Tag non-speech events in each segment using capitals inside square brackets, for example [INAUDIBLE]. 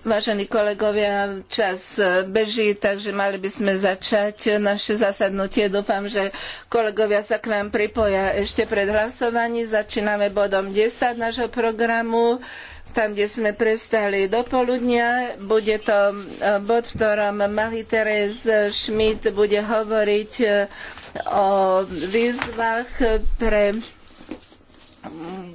Vážení kolegovia, čas e, beží, takže mali by sme začať naše zasadnutie. Dúfam, že kolegovia sa k nám pripoja ešte pred hlasovaním. Začíname bodom 10 nášho programu tam, kde sme prestali do poludnia. Bude to e, bod, v ktorom Marie-Thérèse Schmidt bude hovoriť e, o výzvach pre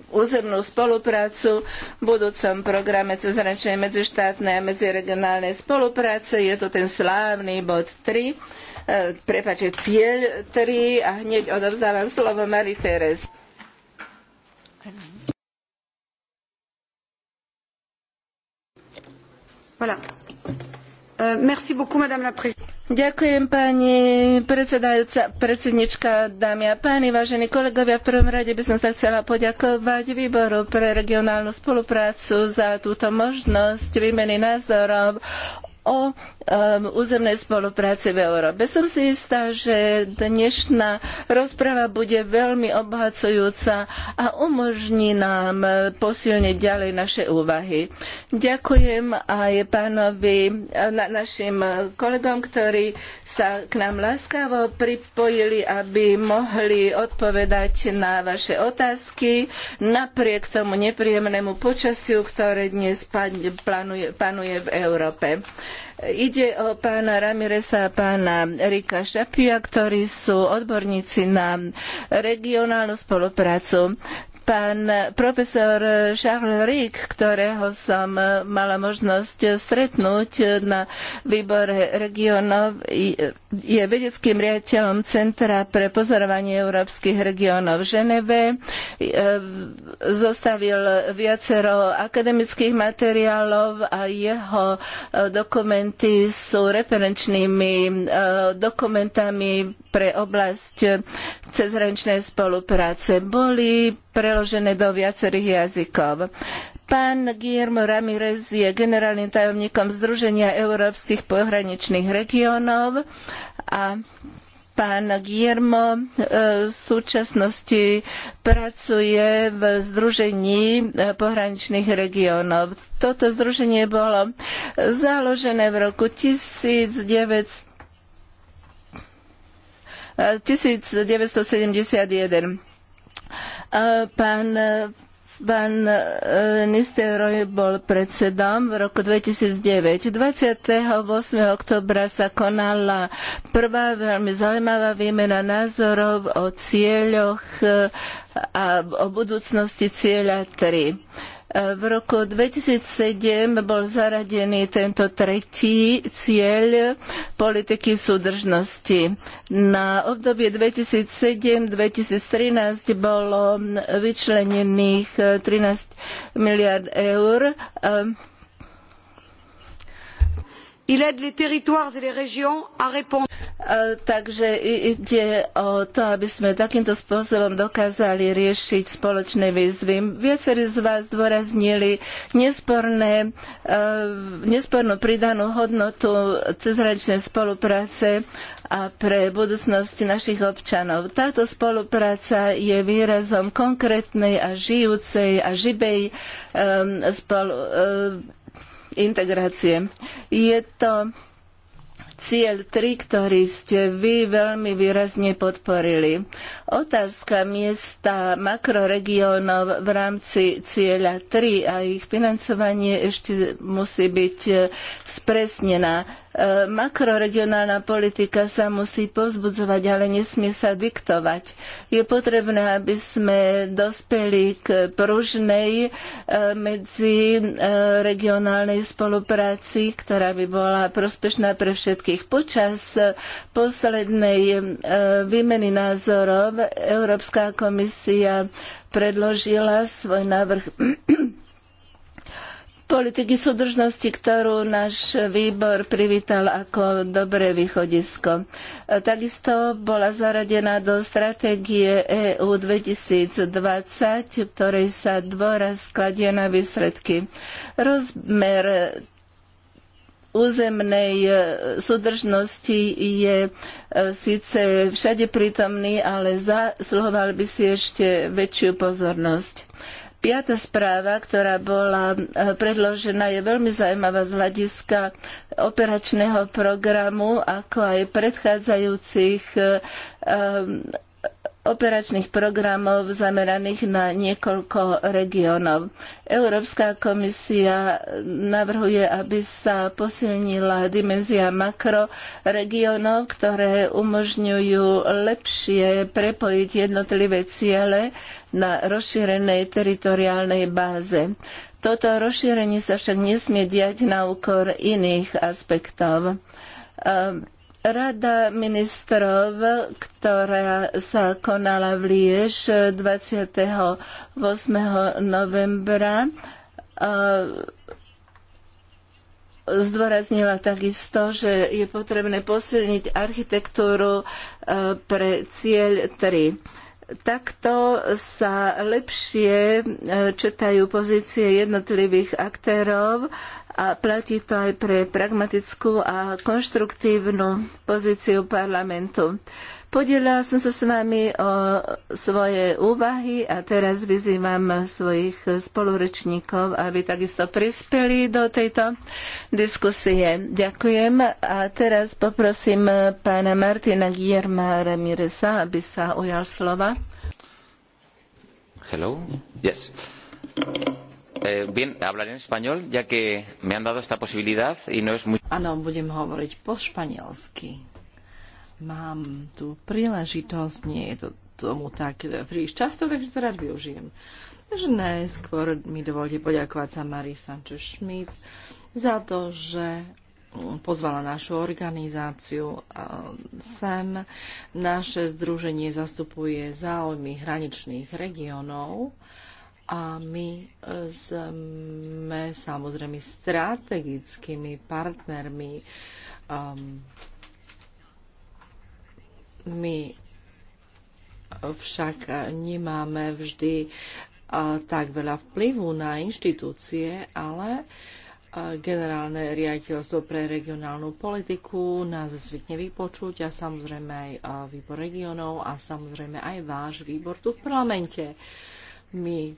územnú spoluprácu v budúcom programe cezhraničnej medzištátnej a medziregionálnej spolupráce. Je to ten slávny bod 3, e, prepače, cieľ 3 a hneď odovzdávam slovo Marie Teres. Voilà. Eh, Ďakujem pani predsednička, dámy a páni, vážení kolegovia. V prvom rade by som sa chcela poďakovať výboru pre regionálnu spoluprácu za túto možnosť výmeny názorov o um, územnej spolupráci v Európe. Som si istá, že dnešná rozprava bude veľmi obohacujúca a umožní nám posilniť ďalej naše úvahy. Ďakujem aj pánovi, na, našim kolegom, ktorí sa k nám láskavo pripojili, aby mohli odpovedať na vaše otázky napriek tomu nepríjemnému počasiu, ktoré dnes panuje v Európe. Ide o pána Ramiresa a pána Rika Šapia, ktorí sú odborníci na regionálnu spoluprácu. Pán profesor Charles Rick, ktorého som mala možnosť stretnúť na výbore regionov, je vedeckým riaditeľom Centra pre pozorovanie európskych regionov v Ženeve. E, zostavil viacero akademických materiálov a jeho e, dokumenty sú referenčnými e, dokumentami pre oblasť cezhraničnej spolupráce. Boli preložené do viacerých jazykov. Pán Guillermo Ramirez je generálnym tajomníkom Združenia európskych pohraničných regiónov a Pán Guillermo e, v súčasnosti pracuje v Združení e, pohraničných regiónov. Toto združenie bolo založené v roku 1900 1971 e, Pán Pán e, Nisteroj bol predsedom v roku 2009. 28. oktobra sa konala prvá veľmi zaujímavá výmena názorov o cieľoch e, a o budúcnosti cieľa 3. V roku 2007 bol zaradený tento tretí cieľ politiky súdržnosti. Na obdobie 2007-2013 bolo vyčlenených 13 miliard eur. E, takže ide o to, aby sme takýmto spôsobom dokázali riešiť spoločné výzvy. Viacerí z vás zdôraznili e, nespornú pridanú hodnotu cezhraničnej spolupráce a pre budúcnosť našich občanov. Táto spolupráca je výrazom konkrétnej a žijúcej a živej e, spolu, integrácie. Je to cieľ 3, ktorý ste vy veľmi výrazne podporili. Otázka miesta makroregiónov v rámci cieľa 3 a ich financovanie ešte musí byť eh, spresnená. Makroregionálna politika sa musí povzbudzovať, ale nesmie sa diktovať. Je potrebné, aby sme dospeli k pružnej e, medziregionálnej e, spolupráci, ktorá by bola prospešná pre všetkých. Počas e, poslednej výmeny názorov Európska komisia predložila svoj návrh politiky súdržnosti, ktorú náš výbor privítal ako dobré východisko. E, Takisto bola zaradená do stratégie EU 2020, v ktorej sa dôraz skladie na výsledky. Rozmer územnej e, súdržnosti je e, síce všade prítomný, ale zasluhoval by si ešte väčšiu pozornosť. Piatá správa, ktorá bola e, predložená, je veľmi zaujímavá z hľadiska operačného programu, ako aj predchádzajúcich e, e, operačných programov zameraných na niekoľko regiónov. Európska komisia navrhuje, aby sa posilnila dimenzia makroregiónov, ktoré umožňujú lepšie prepojiť jednotlivé ciele na rozšírenej teritoriálnej báze. Toto rozšírenie sa však nesmie diať na úkor iných aspektov Rada ministrov, ktorá sa konala v Liež 28. novembra, zdôraznila takisto, že je potrebné posilniť architektúru e, pre cieľ 3 Takto sa lepšie e, čítajú pozície jednotlivých aktérov a platí to aj pre pragmatickú a konštruktívnu pozíciu parlamentu. Podielala som sa s vami o svoje úvahy a teraz vyzývam svojich spolurečníkov, aby takisto prispeli do tejto diskusie. Ďakujem a teraz poprosím pána Martina Guillerma Ramiresa, aby sa ujal slova. Hello? Yes. Eh, bien, hablaré en español, ya que me han dado esta posibilidad y no es muy... Áno, budem hovoriť po španielsky mám tu príležitosť, nie je to tomu tak príliš často, takže to rád využijem. Takže najskôr mi dovolte poďakovať sa Marii Sanchez Schmidt za to, že pozvala našu organizáciu sem. Naše združenie zastupuje záujmy hraničných regionov a my sme samozrejme strategickými partnermi um, my však nemáme vždy tak veľa vplyvu na inštitúcie, ale generálne riaditeľstvo pre regionálnu politiku nás zvykne vypočuť a samozrejme aj výbor regionov a samozrejme aj váš výbor tu v parlamente. My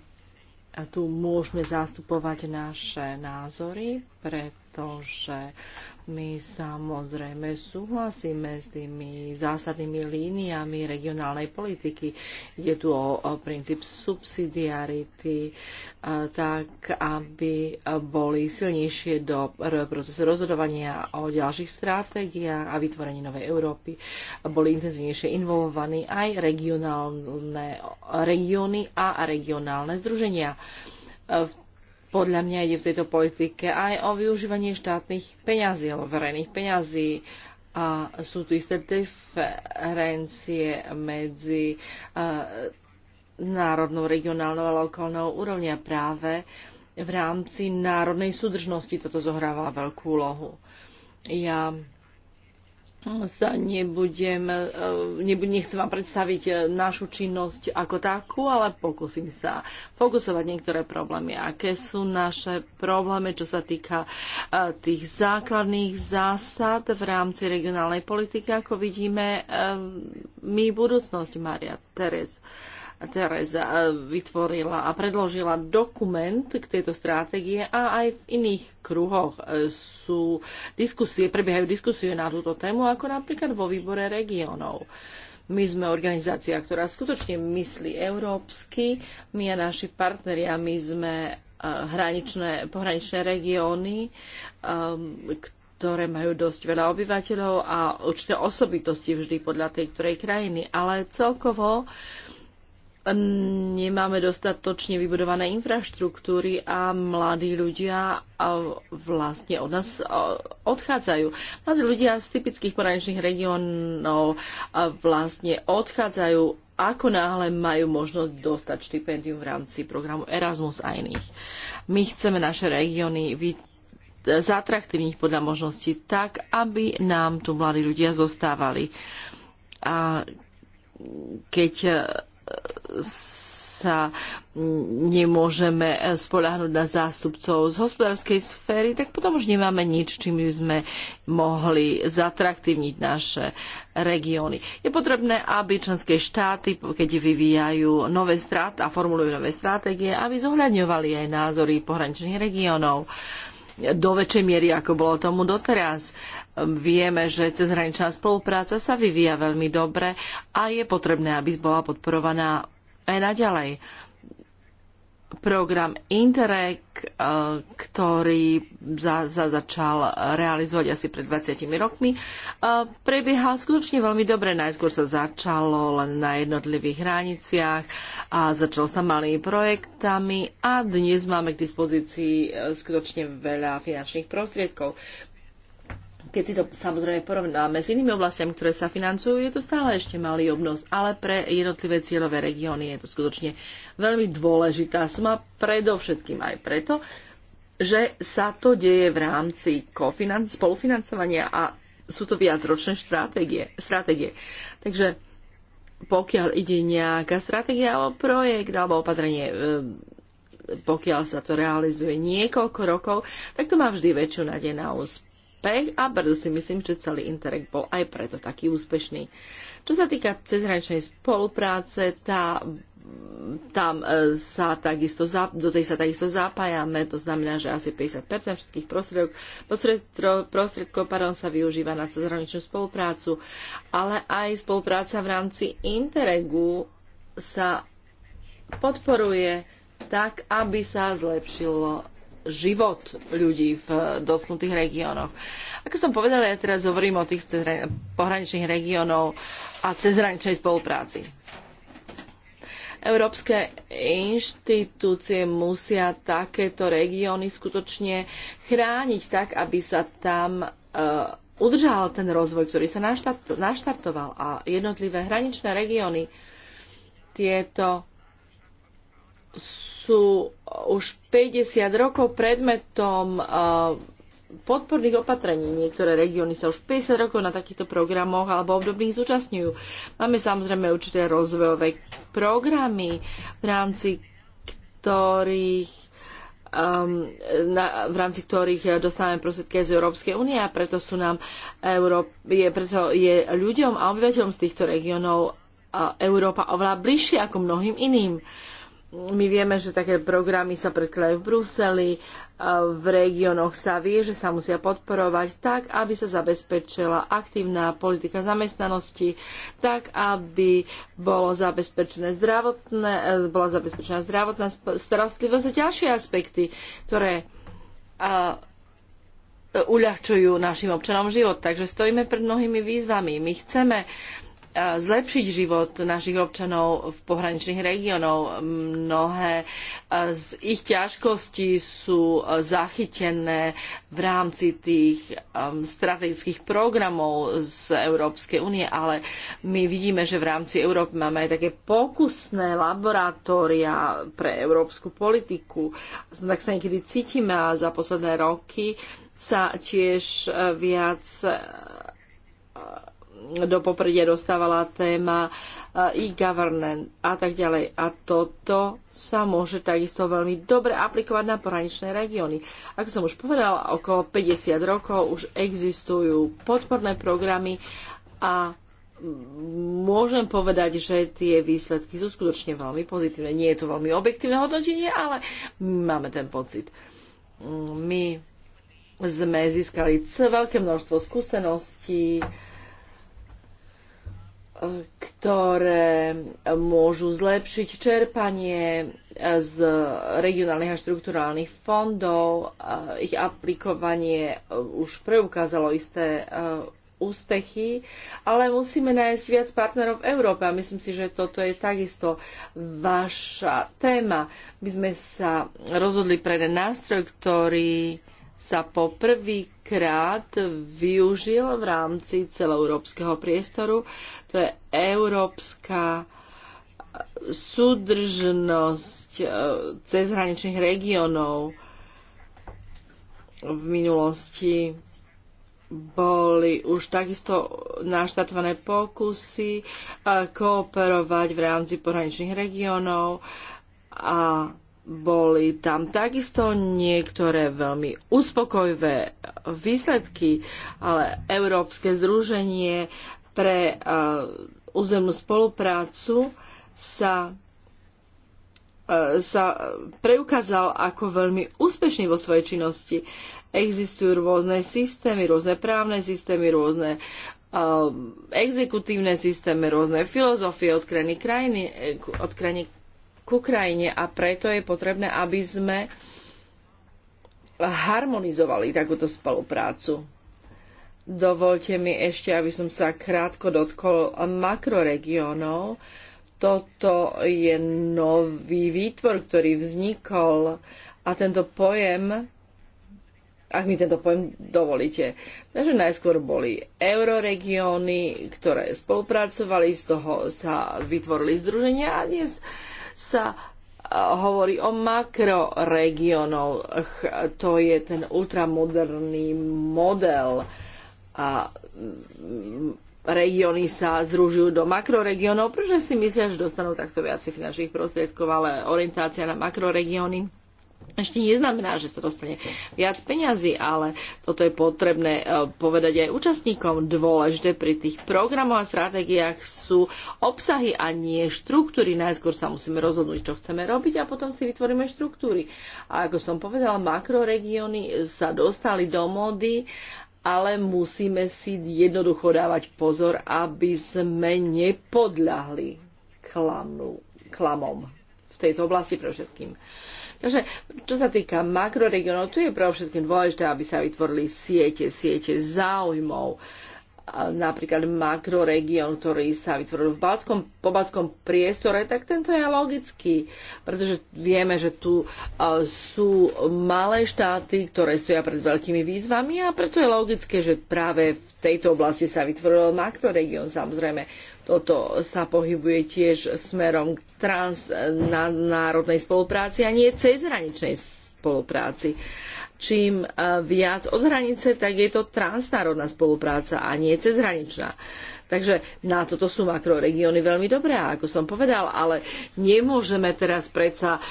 tu môžeme zastupovať naše názory, pretože my samozrejme súhlasíme s tými zásadnými líniami regionálnej politiky. Je tu o, o princíp subsidiarity, tak aby boli silnejšie do procesu rozhodovania o ďalších stratégiách a vytvorení novej Európy. Boli intenzívnejšie involvovaní aj regionálne regióny a regionálne združenia. V podľa mňa ide v tejto politike aj o využívanie štátnych peňazí, alebo verejných peňazí. A sú tu isté diferencie medzi uh, národnou, regionálnou a lokálnou úrovňou práve v rámci národnej súdržnosti toto zohráva veľkú úlohu. Ja sa nebudem, eh, nebudem, nechcem vám predstaviť eh, našu činnosť ako takú, ale pokúsim sa fokusovať niektoré problémy. Aké sú naše problémy, čo sa týka eh, tých základných zásad v rámci regionálnej politiky, ako vidíme my budúcnosť Maria Terez. Tereza vytvorila a predložila dokument k tejto stratégie a aj v iných kruhoch e, sú diskusie, prebiehajú diskusie na túto tému, ako napríklad vo výbore regiónov. My sme organizácia, ktorá skutočne myslí európsky. My a naši partneri a my sme e, hraničné, pohraničné regióny, ehm, ktoré majú dosť veľa obyvateľov a určité osobitosti vždy podľa tej ktorej krajiny. Ale celkovo nemáme dostatočne vybudované infraštruktúry a mladí ľudia vlastne od nás odchádzajú. Mladí ľudia z typických poraničných regiónov vlastne odchádzajú ako náhle majú možnosť dostať štipendium v rámci programu Erasmus a iných. My chceme naše regióny zatraktívniť podľa možností tak, aby nám tu mladí ľudia zostávali. A keď sa nemôžeme spolahnuť na zástupcov z hospodárskej sféry, tak potom už nemáme nič, čím by sme mohli zatraktívniť naše regióny. Je potrebné, aby členské štáty, keď vyvíjajú nové strát a formulujú nové stratégie, aby zohľadňovali aj názory pohraničných regiónov do väčšej miery, ako bolo tomu doteraz. Vieme, že cezhraničná spolupráca sa vyvíja veľmi dobre a je potrebné, aby bola podporovaná aj naďalej. Program Interreg, e, ktorý za, za začal realizovať asi pred 20 rokmi, e, prebiehal skutočne veľmi dobre. Najskôr sa začalo len na jednotlivých hraniciach a začalo sa malými projektami a dnes máme k dispozícii e, skutočne veľa finančných prostriedkov keď si to samozrejme porovnáme s inými oblastiami, ktoré sa financujú, je to stále ešte malý obnos, ale pre jednotlivé cieľové regióny je to skutočne veľmi dôležitá suma, predovšetkým aj preto, že sa to deje v rámci spolufinancovania a sú to viacročné stratégie. stratégie. Takže pokiaľ ide nejaká stratégia alebo projekt alebo opatrenie, e, pokiaľ sa to realizuje niekoľko rokov, tak to má vždy väčšiu nádej na úspech úspech a preto si myslím, že celý Interreg bol aj preto taký úspešný. Čo sa týka cezhraničnej spolupráce, tá tam e, sa takisto, do tej sa takisto zapájame, to znamená, že asi 50% všetkých prostriedok, prostriedkov, prostriedkov pardon, sa využíva na cezhraničnú spoluprácu, ale aj spolupráca v rámci Interregu sa podporuje tak, aby sa zlepšilo život ľudí v dotknutých regiónoch. Ako som povedala, ja teraz hovorím o tých pohraničných regiónov a cezhraničnej spolupráci. Európske inštitúcie musia takéto regióny skutočne chrániť tak, aby sa tam e, udržal ten rozvoj, ktorý sa naštart, naštartoval a jednotlivé hraničné regióny tieto sú už 50 rokov predmetom uh, podporných opatrení. Niektoré regióny sa už 50 rokov na takýchto programoch alebo obdobných zúčastňujú. Máme samozrejme určité rozvojové programy, v rámci ktorých um, na, v rámci ktorých dostávame prostriedky z Európskej únie a preto sú nám Euró- je, preto je ľuďom a obyvateľom z týchto regiónov Európa oveľa bližšie ako mnohým iným. Uh, my vieme, že také programy sa predkladajú v Bruseli, v regiónoch sa vie, že sa musia podporovať tak, aby sa zabezpečila aktívna politika zamestnanosti, tak, aby bolo zabezpečené zdravotné, e, bola zabezpečená zdravotná starostlivosť a ďalšie aspekty, ktoré a, e, uľahčujú našim občanom život. Takže stojíme pred mnohými výzvami. My chceme uh, zlepšiť život našich občanov v pohraničných regiónoch. Mnohé e, z ich ťažkostí sú e, zachytené v rámci tých e, strategických programov z Európskej únie, ale my vidíme, že v rámci Európy máme aj také pokusné laboratória pre európsku politiku. Tak sa niekedy cítime a za posledné roky sa tiež viac do popredia dostávala téma e-governance a tak ďalej. A toto sa môže takisto veľmi dobre aplikovať na poraničné regióny. Ako som už povedala, okolo 50 rokov už existujú podporné programy a môžem povedať, že tie výsledky sú skutočne veľmi pozitívne. Nie je to veľmi objektívne hodnotenie, ale máme ten pocit. Mm, my sme získali veľké množstvo skúseností, ktoré môžu zlepšiť čerpanie z regionálnych a štruktúrálnych fondov. Ich aplikovanie už preukázalo isté e, úspechy, ale musíme nájsť viac partnerov v Európe a myslím si, že toto je takisto vaša téma. My sme sa rozhodli pre ten nástroj, ktorý sa po využil v rámci celoeurópskeho priestoru. To je európska súdržnosť e, cezhraničných regiónov. V minulosti boli už takisto naštatované pokusy e, kooperovať v rámci pohraničných regiónov a boli tam takisto niektoré veľmi uspokojivé výsledky, ale Európske združenie pre e, územnú spoluprácu sa e, sa preukázal ako veľmi úspešný vo svojej činnosti. Existujú rôzne systémy, rôzne právne systémy, rôzne e, exekutívne systémy, rôzne filozofie od krajiny, krajiny, od krajiny k Ukrajine a preto je potrebné, aby sme harmonizovali takúto spoluprácu. Dovolte mi ešte, aby som sa krátko dotkol makroregiónov. Toto je nový výtvor, ktorý vznikol a tento pojem ak mi tento pojem dovolíte. Takže najskôr boli euroregióny, ktoré spolupracovali, z toho sa vytvorili združenia a dnes uh, sa e, hovorí o makroregiónoch. To je ten ultramoderný model. A mm, regióny sa združujú do makroregiónov, pretože si myslia, že dostanú takto viacej finančných prostriedkov, ale orientácia na makroregióny ešte neznamená, že sa dostane viac peňazí, ale toto je potrebné e, povedať aj účastníkom. Dôležité pri tých programoch a stratégiách sú obsahy a nie štruktúry. Najskôr sa musíme rozhodnúť, čo chceme robiť a potom si vytvoríme štruktúry. A ako som povedala, makroregióny sa dostali do mody, ale musíme si jednoducho dávať pozor, aby sme nepodľahli klamu, klamom v tejto oblasti pre všetkým. Uh, Takže čo sa týka makroregionov, tu je pre všetkým dôležité, aby sa vytvorili siete, siete záujmov napríklad makroregión, ktorý sa vytvoril v Balckom, po Balckom priestore, tak tento je logický, pretože vieme, že tu e, sú malé štáty, ktoré stoja pred veľkými výzvami a preto je logické, že práve v tejto oblasti sa vytvoril makroregión. Samozrejme, toto sa pohybuje tiež smerom k transnárodnej spolupráci a nie cezhraničnej spolupráci. Čím eh, viac od hranice, tak je to transnárodná spolupráca a nie cezhraničná. Takže na toto sú makroregióny veľmi dobré, ako som povedal, ale nemôžeme teraz predsa e,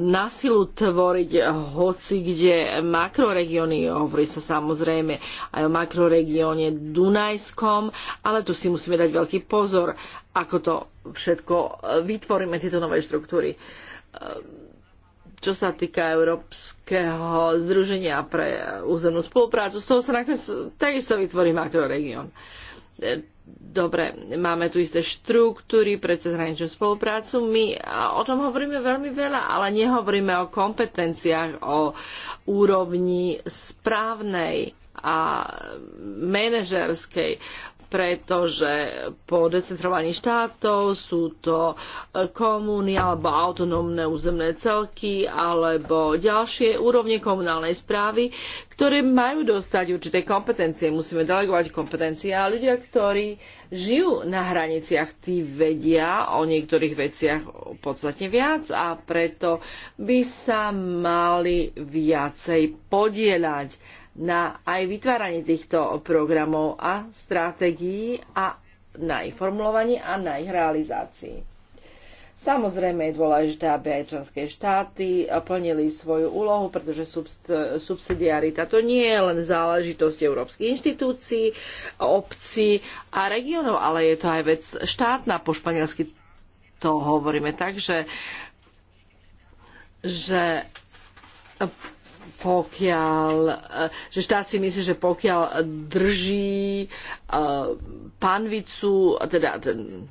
na silu tvoriť hoci kde makroregióny. Hovorí sa samozrejme aj o makroregióne Dunajskom, ale tu si musíme dať veľký pozor, ako to všetko e, vytvoríme, tieto nové štruktúry e, čo sa týka Európskeho združenia pre územnú spoluprácu, z toho sa nakoniec takisto vytvorí makroregión. Dobre, máme tu isté štruktúry pre cezhraničnú spoluprácu. My o tom hovoríme veľmi veľa, ale nehovoríme o kompetenciách, o úrovni správnej a manažerskej pretože po decentrovaní štátov sú to e, komúny alebo autonómne územné celky alebo ďalšie úrovne komunálnej správy, ktoré majú dostať určité kompetencie. Musíme delegovať kompetencie a ľudia, ktorí žijú na hraniciach, tí vedia o niektorých veciach podstatne viac a preto by sa mali viacej podieľať na aj vytváranie týchto programov a stratégií a na ich formulovaní a na ich realizácii. Samozrejme je dôležité, aby aj členské štáty plnili svoju úlohu, pretože subsidiarita to nie je len záležitosť európskych inštitúcií, obcí a regiónov, ale je to aj vec štátna. Po španielsky to hovoríme tak, že, že pokiaľ, eh, že štát si myslí, že pokiaľ drží eh, panvicu, teda ten,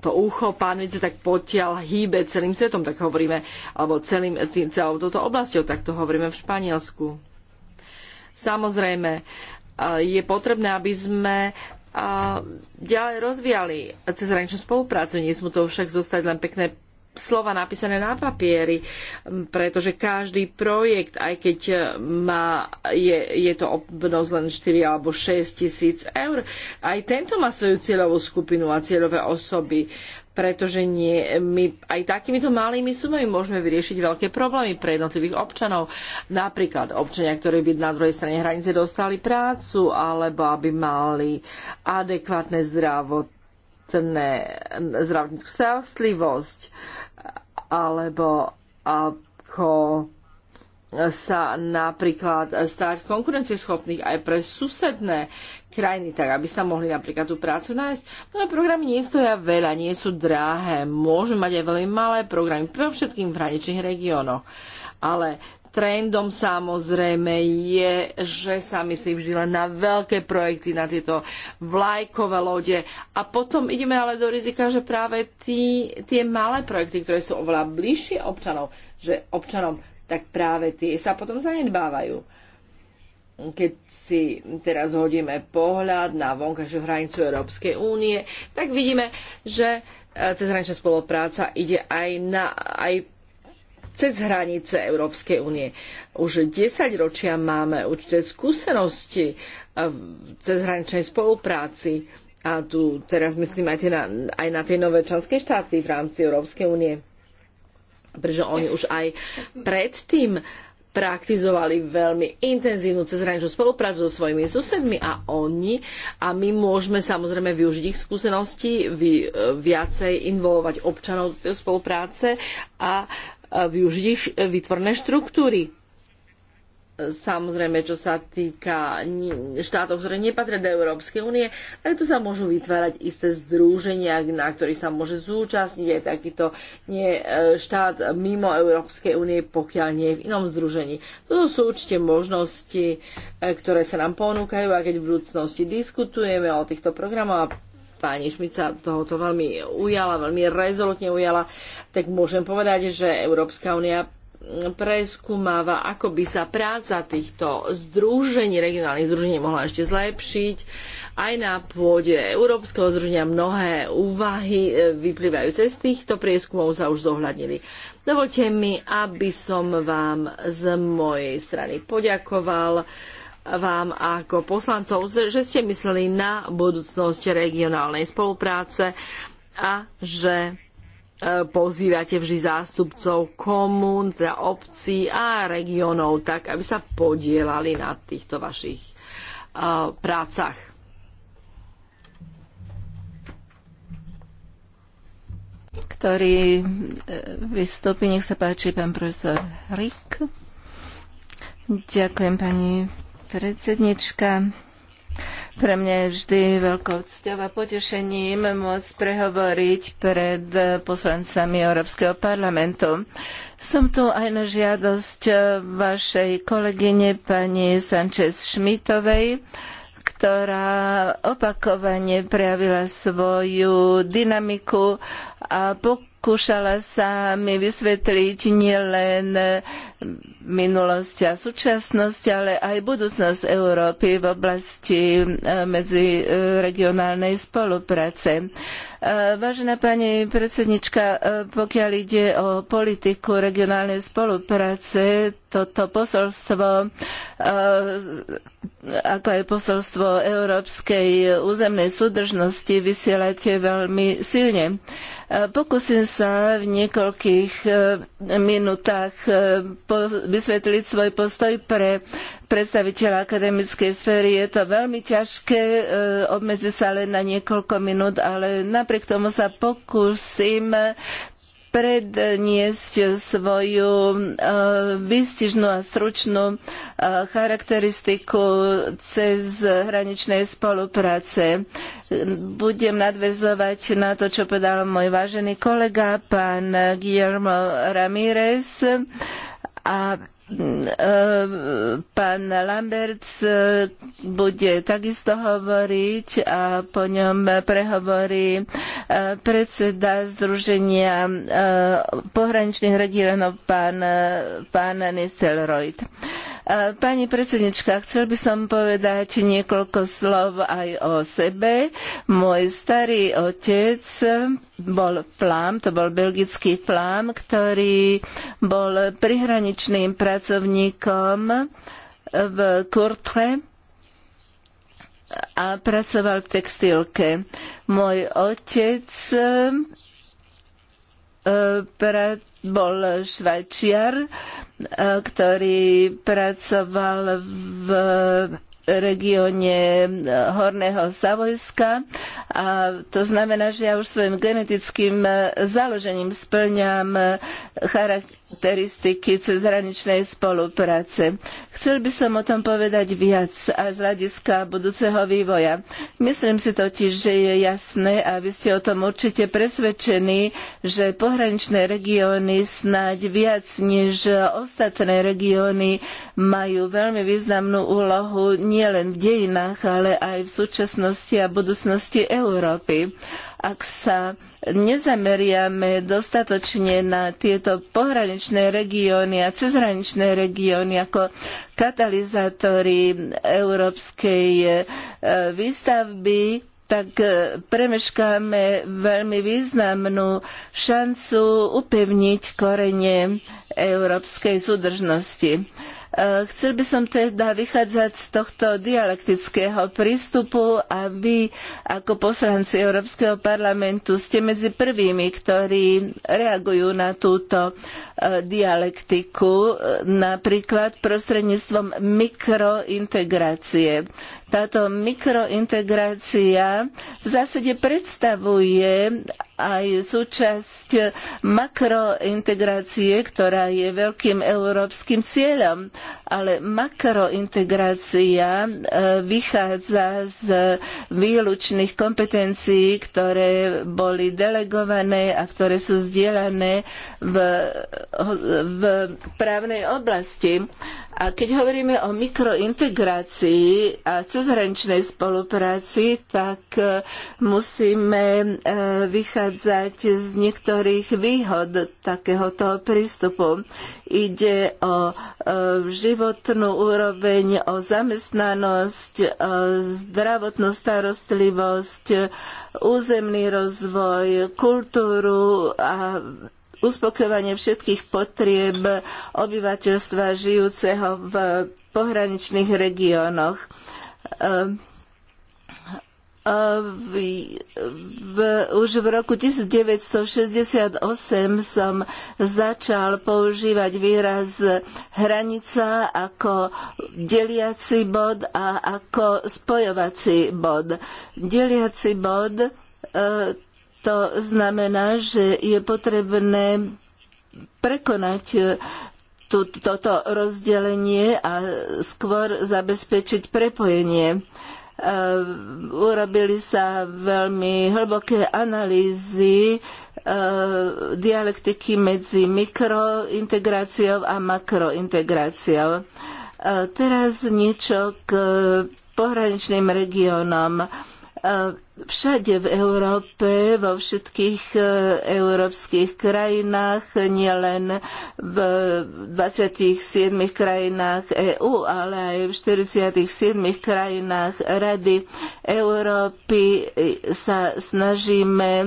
to ucho pánvice, tak potiaľ hýbe celým svetom, tak hovoríme, alebo celým, tým, celou touto oblasťou, tak to hovoríme v Španielsku. Samozrejme, eh, je potrebné, aby sme ďalej rozvíjali cezhraničnú spoluprácu. Nesmú to však zostať len pekné slova napísané na papieri, pretože každý projekt, aj keď má, je, je to obnos len 4 alebo 6 tisíc eur, aj tento má svoju cieľovú skupinu a cieľové osoby pretože nie, my aj takýmito malými sumami môžeme vyriešiť veľké problémy pre jednotlivých občanov. Napríklad občania, ktorí by na druhej strane hranice dostali prácu, alebo aby mali adekvátne zdravotné zdravotníckú starostlivosť alebo ako sa napríklad stať konkurencieschopných aj pre susedné krajiny, tak aby sa mohli napríklad tú prácu nájsť. Mnohé programy nestoja veľa, nie sú drahé, môžeme mať aj veľmi malé programy, pre všetkým v hraničných regiónoch. Ale Trendom samozrejme je, že sa myslí vždy len na veľké projekty, na tieto vlajkové lode. A potom ideme ale do rizika, že práve tí, tie malé projekty, ktoré sú oveľa bližšie občanov, že občanom, tak práve tie sa potom zanedbávajú. Keď si teraz hodíme pohľad na vonkajšiu hranicu Európskej únie, tak vidíme, že e, cezhraničná spolupráca ide aj, na, aj cez hranice Európskej únie. Už 10 ročia máme určité skúsenosti eh, v cezhraničnej spolupráci a tu teraz myslím aj, na, aj na tie nové členské štáty v rámci Európskej únie. Pretože oni už aj predtým praktizovali veľmi intenzívnu cezhraničnú spoluprácu so svojimi susedmi a oni a my môžeme samozrejme využiť ich skúsenosti, vi, eh, viacej involovať občanov do spolupráce a využiť ich vytvorné štruktúry. Samozrejme, čo sa týka štátov, ktoré nepatria do Európskej únie, tak tu sa môžu vytvárať isté združenia, na ktorých sa môže zúčastniť aj takýto nie, e, štát mimo Európskej únie, pokiaľ nie je v inom združení. Toto sú určite možnosti, e, ktoré sa nám ponúkajú a keď v budúcnosti diskutujeme o týchto programoch a pani Šmica tohoto veľmi ujala, veľmi rezolutne ujala, tak môžem povedať, že Európska únia preskúmava, ako by sa práca týchto združení, regionálnych združení mohla ešte zlepšiť. Aj na pôde Európskeho združenia mnohé úvahy e, vyplývajúce z týchto prieskumov sa už zohľadnili. Dovolte mi, aby som vám z mojej strany poďakoval vám ako poslancov, že ste mysleli na budúcnosť regionálnej spolupráce a že e, pozývate vždy zástupcov komún, teda obcí a regiónov, tak aby sa podielali na týchto vašich e, prácach. Ktorý e, vystúpi, nech sa páči, pán profesor Rik. Ďakujem, pani predsednička. Pre mňa je vždy veľkou cťou a potešením môcť prehovoriť pred poslancami Európskeho parlamentu. Som tu aj na žiadosť vašej kolegyne pani Sanchez Šmitovej, ktorá opakovane prejavila svoju dynamiku a pok- Skúšala sa mi vysvetliť nielen minulosť a súčasnosť, ale aj budúcnosť Európy v oblasti eh, medziregionálnej spolupráce. Eh, vážená pani predsednička, eh, pokiaľ ide o politiku regionálnej spolupráce, toto posolstvo, eh, ako aj posolstvo európskej územnej súdržnosti, vysielate veľmi silne. Pokúsim sa v niekoľkých minútach vysvetliť svoj postoj pre predstaviteľa akademickej sféry. Je to veľmi ťažké, obmedzi sa len na niekoľko minút, ale na napriek tomu sa pokúsim predniesť svoju eh, výstižnú a stručnú eh, charakteristiku cez hraničnej spolupráce. Budem nadvezovať na to, čo povedal môj vážený kolega, pán Guillermo Ramírez a Ehm, pán Lamberts e, bude takisto hovoriť a po ňom prehovorí e, predseda Združenia e, pohraničných regiónov pán, pán Pani predsednička, chcel by som povedať niekoľko slov aj o sebe. Môj starý otec bol plám, to bol belgický plám, ktorý bol prihraničným pracovníkom v Kurtre a pracoval v textilke. Môj otec bol švajčiar, e, ktorý pracoval v regióne eh, Horného Savojska. A to znamená, že ja už svojim genetickým eh, založením splňam eh, charakteristiky cezhraničnej spolupráce. Chcel by som o tom povedať viac a z hľadiska budúceho vývoja. Myslím si totiž, že je jasné a vy ste o tom určite presvedčení, že pohraničné regióny snáď viac než ostatné regióny majú veľmi významnú úlohu nie nielen v dejinách, ale aj v súčasnosti a budúcnosti Európy. Ak sa nezameriame dostatočne na tieto pohraničné regióny a cezhraničné regióny ako katalizátory európskej e, výstavby, tak e, premeškáme veľmi významnú šancu upevniť korene európskej súdržnosti. Eh, chcel by som teda vychádzať z tohto dialektického prístupu a vy ako poslanci Európskeho parlamentu ste medzi prvými, ktorí reagujú na túto eh, dialektiku, eh, napríklad prostredníctvom mikrointegrácie. Táto mikrointegrácia v zásade predstavuje aj súčasť makrointegrácie, ktorá je veľkým európskym cieľom. Ale makrointegrácia e, vychádza z výlučných kompetencií, ktoré boli delegované a ktoré sú zdieľané v, v právnej oblasti. A keď hovoríme o mikrointegrácii a cezhraničnej spolupráci, tak e, musíme e, vychádzať z niektorých výhod takéhoto prístupu. Ide o e, životnú úroveň, o zamestnanosť, o zdravotnú starostlivosť, územný rozvoj, kultúru a uspokojovanie všetkých potrieb obyvateľstva žijúceho v pohraničných regiónoch. Ehm, ehm, v, v, už v roku 1968 som začal používať výraz hranica ako deliaci bod a ako spojovací bod. Deliaci bod e, to znamená, že je potrebné prekonať tú, toto rozdelenie a skôr zabezpečiť prepojenie. E, urobili sa veľmi hlboké analýzy e, dialektiky medzi mikrointegráciou a makrointegráciou. E, teraz niečo k pohraničným regiónom Všade v Európe, vo všetkých e, európskych krajinách, nielen v 27 krajinách EÚ, ale aj v 47 krajinách Rady Európy e, sa snažíme e,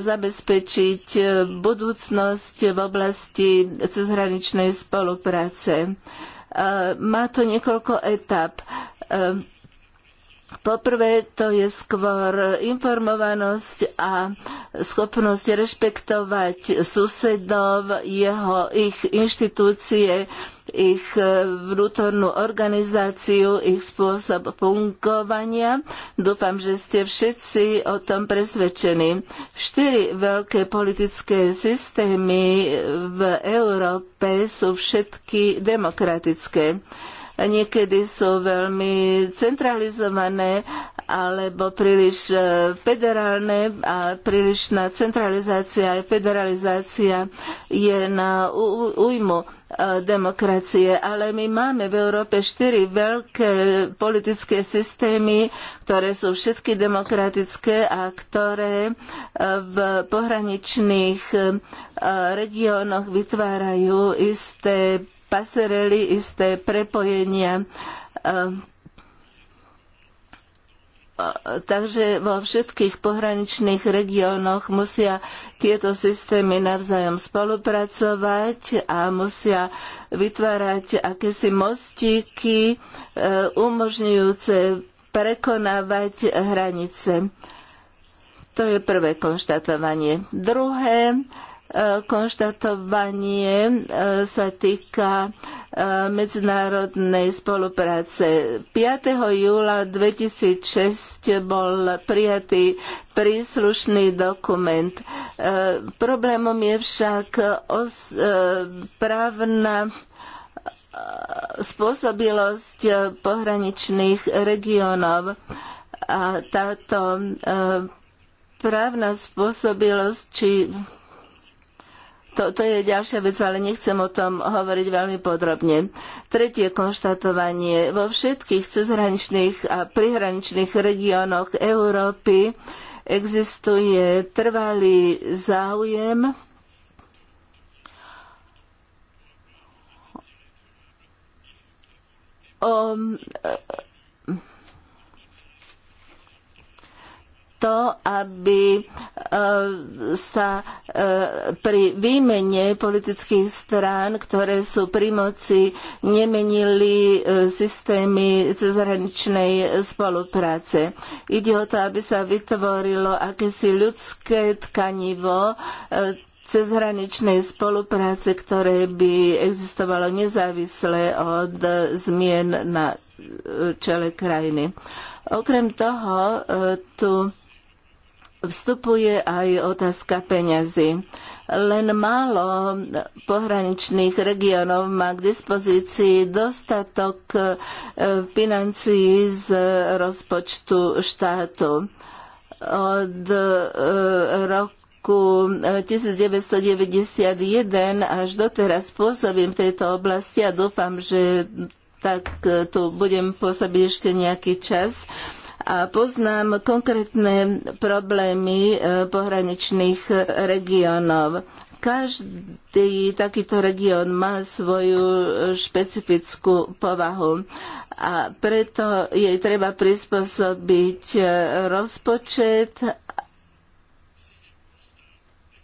zabezpečiť budúcnosť v oblasti cezhraničnej spolupráce. Má to niekoľko etap Poprvé to je skôr informovanosť a schopnosť rešpektovať susedov, jeho, ich inštitúcie, ich e, vnútornú organizáciu, ich spôsob fungovania. Dúfam, že ste všetci o tom presvedčení. Štyri veľké politické systémy v Európe sú všetky demokratické niekedy sú veľmi centralizované alebo príliš e, federálne a prílišná centralizácia aj federalizácia je na újmu e, demokracie, ale my máme v Európe štyri veľké politické systémy, ktoré sú všetky demokratické a ktoré e, v pohraničných regiónoch vytvárajú isté pasereli, isté prepojenia. Eh, takže vo všetkých pohraničných regiónoch musia tieto systémy navzájom spolupracovať a musia vytvárať akési mostíky eh, umožňujúce prekonávať hranice. To je prvé konštatovanie. Druhé, konštatovanie e, sa týka e, medzinárodnej spolupráce. 5. júla 2006 bol prijatý príslušný dokument. E, problémom je však os- právna spôsobilosť pohraničných regiónov a táto právna spôsobilosť či to, to je ďalšia vec, ale nechcem o tom hovoriť veľmi podrobne. Tretie konštatovanie. Vo všetkých cezhraničných a prihraničných regiónoch Európy existuje trvalý záujem o to, aby sa e, pri výmene politických strán, ktoré sú pri moci, nemenili e, systémy cezhraničnej spolupráce. Ide o to, aby sa vytvorilo akési ľudské tkanivo e, cezhraničnej spolupráce, ktoré by existovalo nezávisle od zmien na čele krajiny. Okrem toho, tu vstupuje aj otázka peňazí. Len málo pohraničných regiónov má k dispozícii dostatok e, financií z rozpočtu štátu. Od e, roku 1991 až doteraz pôsobím v tejto oblasti a dúfam, že tak tu budem pôsobiť ešte nejaký čas a poznám konkrétne problémy e, pohraničných regiónov. Každý takýto región má svoju špecifickú povahu a preto jej treba prispôsobiť e, rozpočet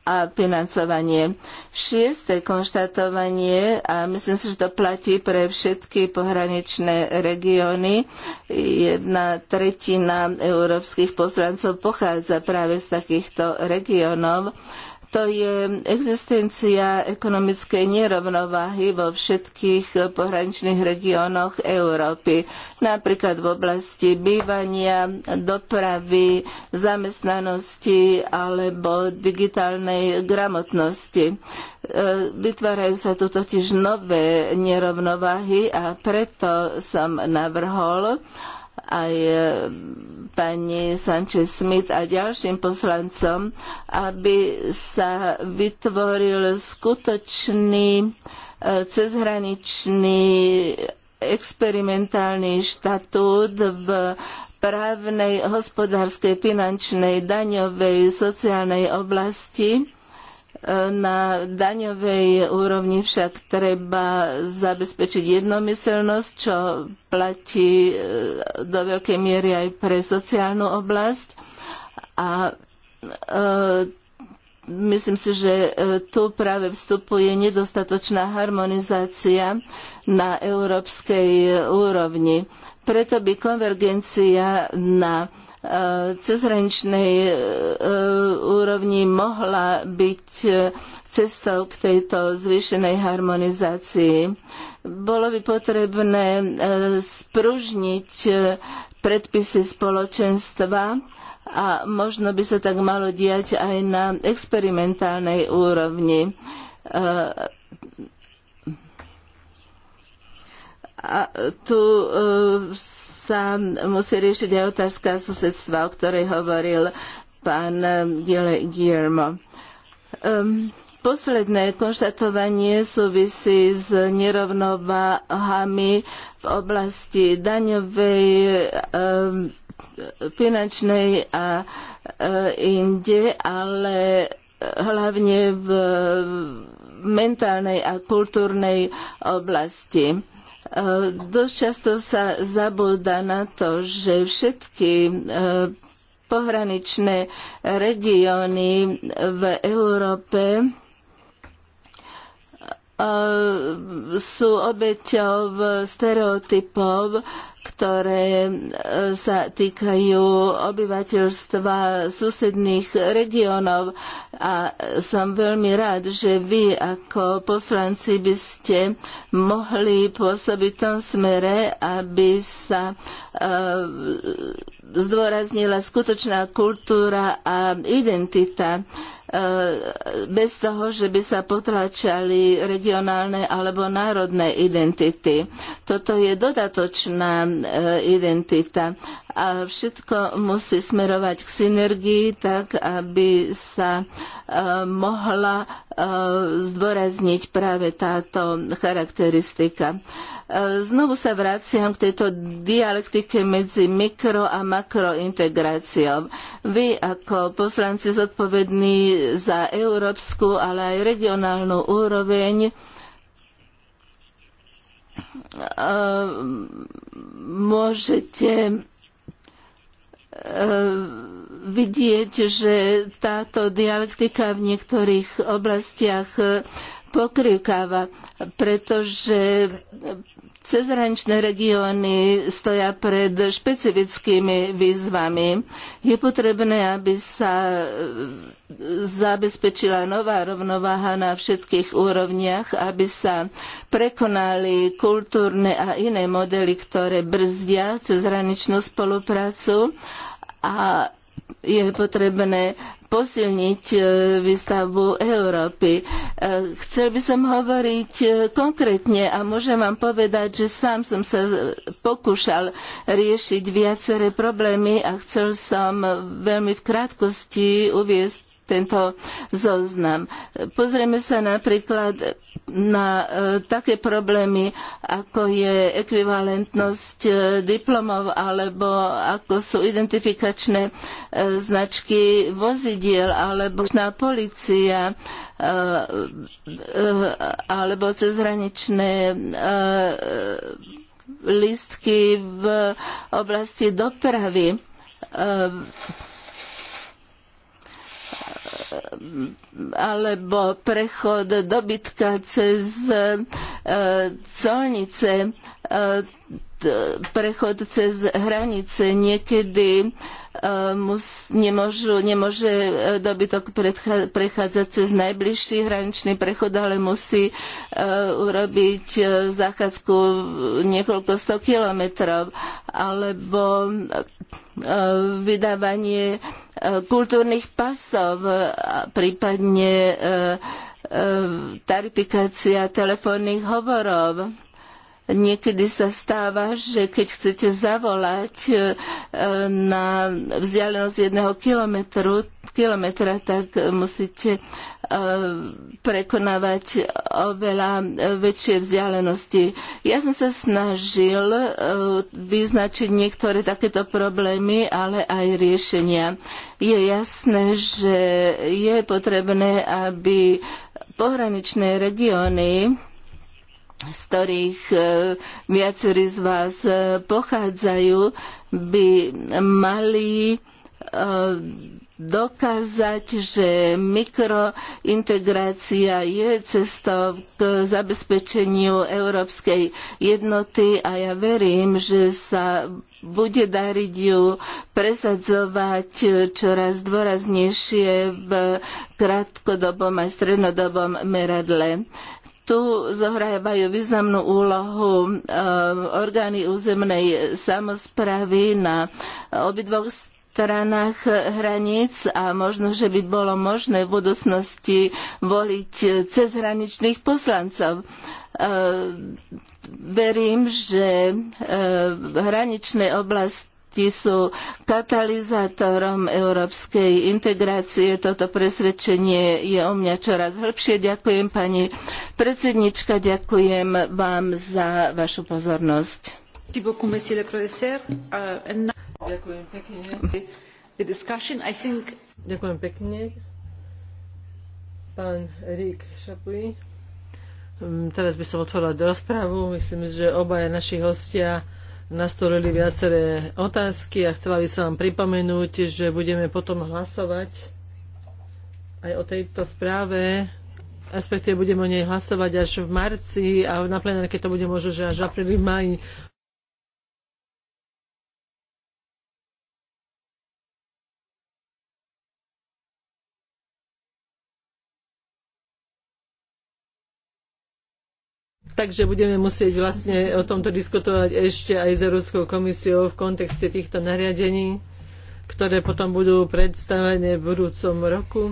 a financovanie. Šiesté konštatovanie, a myslím si, že to platí pre všetky pohraničné regióny, jedna tretina európskych poslancov pochádza práve z takýchto regiónov to je existencia ekonomickej nerovnováhy vo všetkých pohraničných regiónoch Európy, napríklad v oblasti bývania, dopravy, zamestnanosti alebo digitálnej gramotnosti. E, vytvárajú sa tu totiž nové nerovnováhy a preto som navrhol, aj e, pani Sanchez-Smith a ďalším poslancom, aby sa vytvoril skutočný e, cezhraničný experimentálny štatút v právnej, hospodárskej, finančnej, daňovej, sociálnej oblasti na daňovej úrovni však treba zabezpečiť jednomyselnosť, čo platí e, do veľkej miery aj pre sociálnu oblasť. A e, myslím si, že e, tu práve vstupuje nedostatočná harmonizácia na európskej úrovni. Preto by konvergencia na cezhraničnej e, e, úrovni mohla byť e, cestou k tejto zvýšenej harmonizácii. Bolo by potrebné spružniť predpisy spoločenstva a možno by sa tak malo diať aj na experimentálnej úrovni. A tu sa musí riešiť aj otázka susedstva, o ktorej hovoril pán eh, Guillermo. Um, Posledné konštatovanie súvisí s nerovnováhami v oblasti daňovej, ehm, finančnej a eh, inde, ale eh, hlavne v mentálnej a kultúrnej oblasti E, dosť často sa zabúda na to, že všetky e, pohraničné regióny v Európe E, sú obeťou stereotypov, ktoré e, sa týkajú obyvateľstva susedných regiónov a som veľmi rád, že vy ako poslanci by ste mohli pôsobiť v tom smere, aby sa e, zdôraznila skutočná kultúra a identita E, bez toho, že by sa potlačali regionálne alebo národné identity. Toto je dodatočná e, identita a všetko musí smerovať k synergii tak, aby sa e, mohla zdôrazniť práve táto charakteristika. Znovu sa vraciam k tejto dialektike medzi mikro a makrointegráciou. Vy ako poslanci zodpovední za európsku, ale aj regionálnu úroveň, e, môžete e, vidieť, že táto dialektika v niektorých oblastiach pokrývkáva, pretože cezhraničné regióny stoja pred špecifickými výzvami. Je potrebné, aby sa e, zabezpečila nová rovnováha na všetkých úrovniach, aby sa prekonali kultúrne a iné modely, ktoré brzdia cezhraničnú spoluprácu a je potrebné posilniť e, výstavbu Európy. E, chcel by som hovoriť e, konkrétne a môžem vám povedať, že sám som sa pokúšal riešiť viaceré problémy a chcel som veľmi v krátkosti uviesť tento zoznam. Pozrieme sa napríklad na e, také problémy, ako je ekvivalentnosť e, diplomov alebo ako sú identifikačné e, značky vozidiel alebo na policia alebo cezhraničné lístky v oblasti dopravy alebo prechod dobytka cez e, e, colnice E, prechod cez hranice. Niekedy e, mus, nemôžu, nemôže e, dobytok prechádzať cez najbližší hraničný prechod, ale musí urobiť záchádzku niekoľko sto kilometrov. Alebo vydávanie kultúrnych pasov, prípadne tarifikácia telefónnych hovorov Niekedy sa stáva, že keď chcete zavolať e, na vzdialenosť jedného kilometru, kilometra, tak musíte e, prekonávať oveľa väčšie vzdialenosti. Ja som sa snažil e, vyznačiť niektoré takéto problémy, ale aj riešenia. Je jasné, že je potrebné, aby pohraničné regióny z ktorých e, viacerí z vás e, pochádzajú, by mali e, dokázať, že mikrointegrácia je cestou k zabezpečeniu európskej jednoty a ja verím, že sa bude dariť ju presadzovať čoraz dôraznejšie v krátkodobom a strednodobom meradle tu zohrávajú významnú úlohu e, orgány územnej samozprávy na obidvoch stranách hraníc a možno, že by bolo možné v budúcnosti voliť cezhraničných poslancov. E, verím, že e, hraničné oblasti projekty sú katalizátorom európskej integrácie. Toto presvedčenie je o mňa čoraz hĺbšie. Ďakujem pani predsednička, ďakujem vám za vašu pozornosť. Euh, ďakujem pekne. Ďakujem pekne. Pán Rík Šapuj. Hm, teraz by som otvorila rozpravu. Myslím, že obaja naši hostia nastolili viaceré otázky a chcela by som vám pripomenúť, že budeme potom hlasovať aj o tejto správe, respektíve budeme o nej hlasovať až v marci a na plenárke to bude možno, že až v apríli, maji takže budeme musieť vlastne o tomto diskutovať ešte aj s Európskou komisiou v kontexte týchto nariadení, ktoré potom budú predstavené v budúcom roku.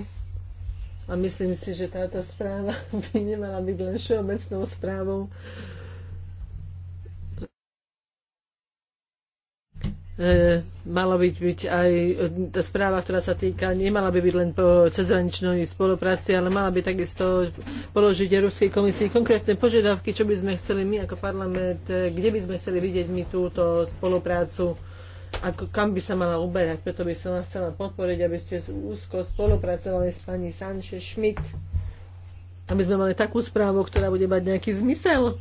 A myslím si, že táto správa [LAUGHS] by nemala byť len všeobecnou správou, E, mala byť, byť aj tá e, správa, ktorá sa týka, nemala by byť len po cezhraničnej spolupráci, ale mala by takisto položiť Európskej komisii konkrétne požiadavky, čo by sme chceli my ako parlament, e, kde by sme chceli vidieť my túto spoluprácu, ako, kam by sa mala uberať. Preto by som vás chcela podporiť, aby ste úzko spolupracovali s pani Sanchez Schmidt, aby sme mali takú správu, ktorá bude mať nejaký zmysel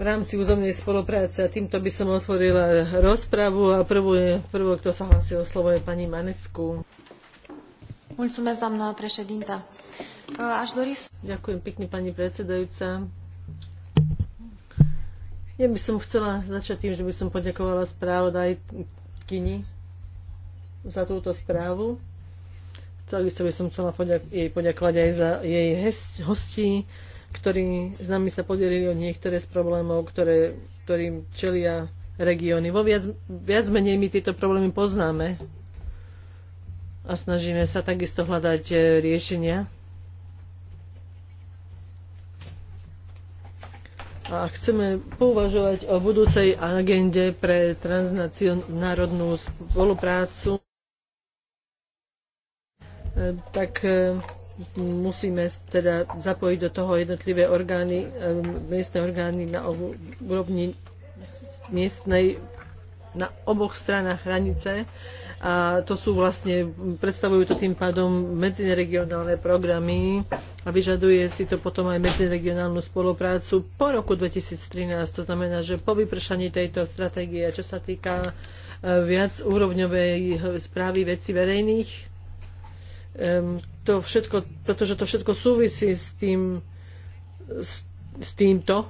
v rámci územnej spolupráce. A týmto by som otvorila rozpravu a prvú, prvú kto sa hlasí o slovo, je pani Manesku. Mulțumesc, doamnă președintă. Aș dori să... Ďakujem pekne, pani predsedajúca. Ja by som chcela začať tým, že by som poďakovala správodajkyni za túto správu. Takisto by som chcela poďak- jej poďakovať aj za jej hostí, ktorí s nami sa podelili o niektoré z problémov, ktoré, ktorým čelia regióny. Vo viac, viac menej my tieto problémy poznáme a snažíme sa takisto hľadať e, riešenia. A chceme pouvažovať o budúcej agende pre transnárodnú spoluprácu. E, tak e, musíme teda zapojiť do toho jednotlivé orgány, miestne orgány na úrovni miestnej na oboch stranách hranice a to sú vlastne, predstavujú to tým pádom medziregionálne programy a vyžaduje si to potom aj medziregionálnu spoluprácu po roku 2013. To znamená, že po vypršaní tejto stratégie, čo sa týka e, viac úrovňovej správy veci verejných, to všetko, pretože to všetko súvisí s tým, s, s týmto.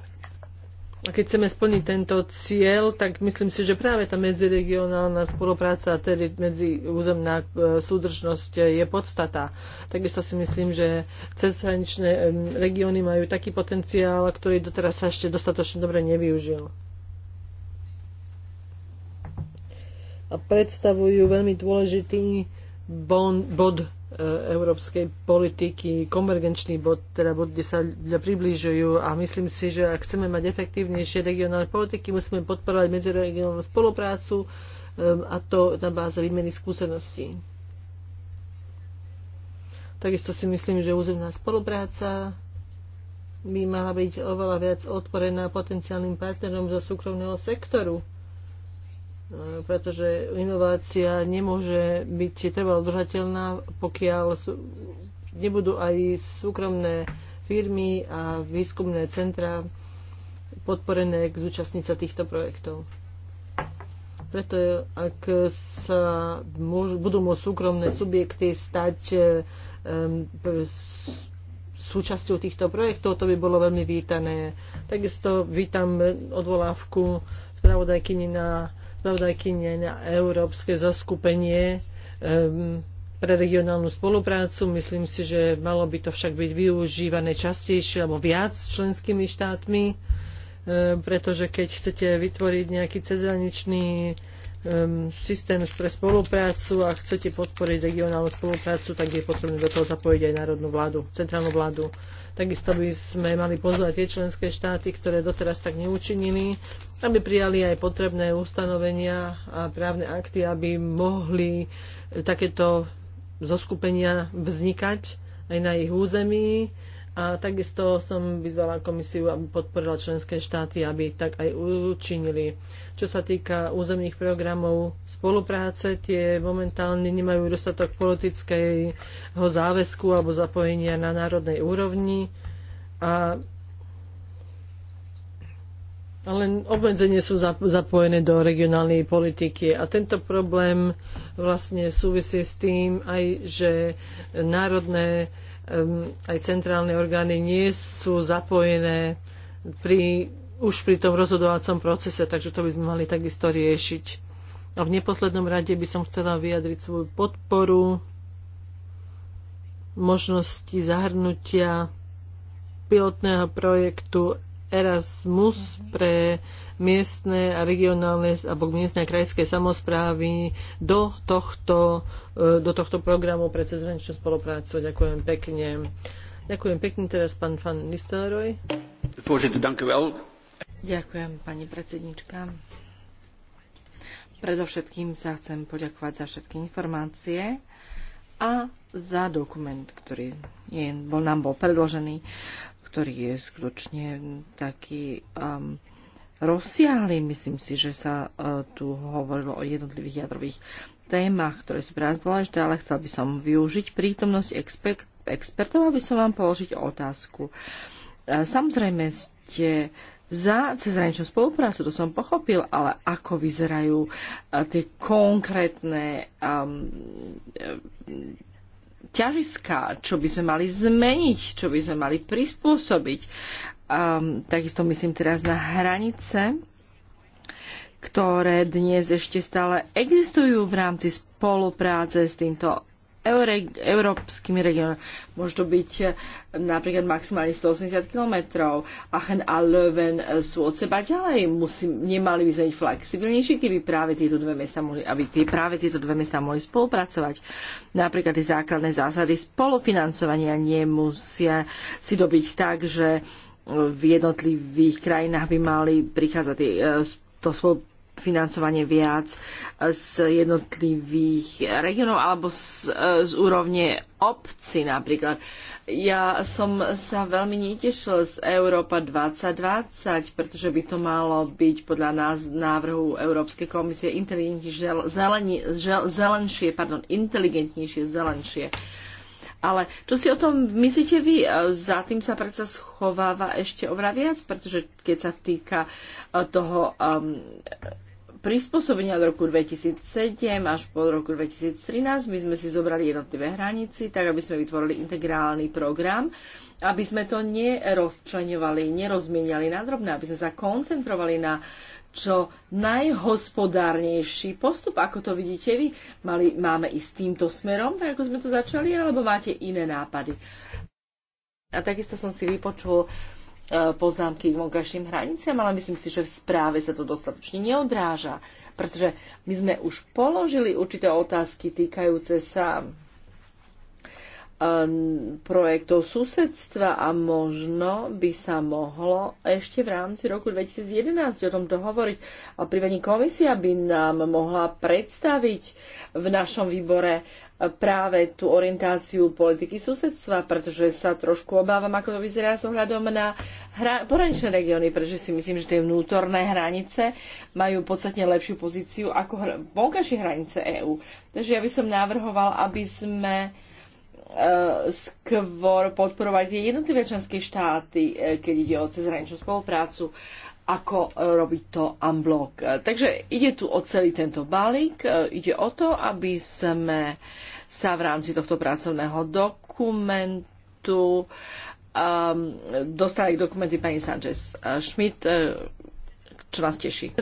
A keď chceme splniť tento cieľ, tak myslím si, že práve tá medziregionálna spolupráca, tedy územná e, súdržnosť e, je podstata. Takisto si myslím, že cezhraničné e, regióny majú taký potenciál, ktorý doteraz sa ešte dostatočne dobre nevyužil. A predstavujú veľmi dôležitý bon, bod E, európskej politiky, konvergenčný bod, teda bod, kde sa ľudia približujú a myslím si, že ak chceme mať efektívnejšie regionálne politiky, musíme podporovať medziregionálnu spoluprácu e, a to na báze výmeny skúseností. Takisto si myslím, že územná spolupráca by mala byť oveľa viac otvorená potenciálnym partnerom zo súkromného sektoru E, pretože inovácia nemôže byť trvalo udržateľná, pokiaľ sú, nebudú aj súkromné firmy a výskumné centra podporené k zúčastniť sa týchto projektov. Preto ak sa môž, budú môcť súkromné subjekty stať um, súčasťou týchto projektov, to by bolo veľmi vítané. Takisto vítam odvolávku spravodajkyni na spravodajkyne na Európske zaskupenie um, pre regionálnu spoluprácu. Myslím si, že malo by to však byť využívané častejšie alebo viac členskými štátmi, um, pretože keď chcete vytvoriť nejaký cezhraničný um, systém pre spoluprácu a chcete podporiť regionálnu spoluprácu, tak je potrebné do toho zapojiť aj národnú vládu, centrálnu vládu. Takisto by sme mali pozvať tie členské štáty, ktoré doteraz tak neučinili, aby prijali aj potrebné ustanovenia a právne akty, aby mohli takéto zoskupenia vznikať aj na ich území a takisto som vyzvala komisiu, aby podporila členské štáty, aby tak aj učinili. Čo sa týka územných programov spolupráce, tie momentálne nemajú dostatok politického záväzku alebo zapojenia na národnej úrovni. A ale obmedzenie sú zapojené do regionálnej politiky a tento problém vlastne súvisí s tým aj, že národné Ehm, aj centrálne orgány nie sú zapojené pri, už pri tom rozhodovacom procese, takže to by sme mali takisto riešiť. A v neposlednom rade by som chcela vyjadriť svoju podporu možnosti zahrnutia pilotného projektu Erasmus pre miestne a regionálne alebo miestne a krajské samozprávy do tohto, e, do tohto programu pre cezhraničnú spoluprácu. Ďakujem pekne. Ďakujem pekne teraz pán Van Nistelrooy. Ďakujem, pani predsednička. Predovšetkým sa chcem poďakovať za všetky informácie a za dokument, ktorý je, bol, nám bol predložený, ktorý je skutočne taký um, rozsiahli. Myslím si, že sa e, tu hovorilo o jednotlivých jadrových témach, ktoré sú pre nás dôležité, ale chcel by som využiť prítomnosť expert, expertov, aby som vám položiť otázku. E, samozrejme ste za cezhraničnú spoluprácu, to som pochopil, ale ako vyzerajú e, tie konkrétne um, ťažiska, čo by sme mali zmeniť, čo by sme mali prispôsobiť, um, takisto myslím teraz na hranice, ktoré dnes ešte stále existujú v rámci spolupráce s týmto európskym regiónom. Môže to byť eh, napríklad maximálne 180 km. Aachen a Löwen eh, sú od seba ďalej. Musí, nemali by byť flexibilnejšie, keby práve tieto dve mesta mohli, aby tie, práve tieto dve mesta mohli spolupracovať. Napríklad tie základné zásady spolufinancovania nemusia si dobiť tak, že v jednotlivých krajinách by mali prichádzať e, to financovanie viac e, z jednotlivých regionov alebo z, e, z úrovne obci napríklad. Ja som sa veľmi netešil z Európa 2020, pretože by to malo byť podľa nás návrhu Európskej komisie zelenšie, pardon, inteligentnejšie, zelenšie ale čo si o tom myslíte vy? E, za tým sa predsa schováva ešte oveľa viac, pretože keď sa týka e, toho um, prispôsobenia od roku 2007 až po roku 2013, my sme si zobrali jednotlivé hranici, tak aby sme vytvorili integrálny program, aby sme to nerozčlenovali, nerozmieniali na drobné, aby sme sa koncentrovali na čo najhospodárnejší postup, ako to vidíte vy. Mali, máme ísť týmto smerom, tak ako sme to začali, alebo máte iné nápady. A takisto som si vypočul e, poznámky k vonkajším hraniciam, ale myslím si, že v správe sa to dostatočne neodráža, pretože my sme už položili určité otázky týkajúce sa Ehm, projektov susedstva a možno by sa mohlo ešte v rámci roku 2011 o tomto hovoriť. A prípadne komisia by nám mohla predstaviť v našom výbore eh, práve tú orientáciu politiky susedstva, pretože sa trošku obávam, ako to vyzerá s ohľadom na hra- pohraničné regióny, pretože si myslím, že tie vnútorné hranice majú podstatne lepšiu pozíciu ako hra- vonkajšie hranice EÚ. Takže ja by som navrhoval, aby sme E, skôr podporovať tie jednotlivé členské štáty, e, keď ide o cezhraničnú spoluprácu, ako robiť to unblock. E, takže ide tu o celý tento balík. Ide o to, aby sme sa v rámci tohto pracovného dokumentu um, dostali dokumenty pani Sanchez Schmidt, čo nás teší.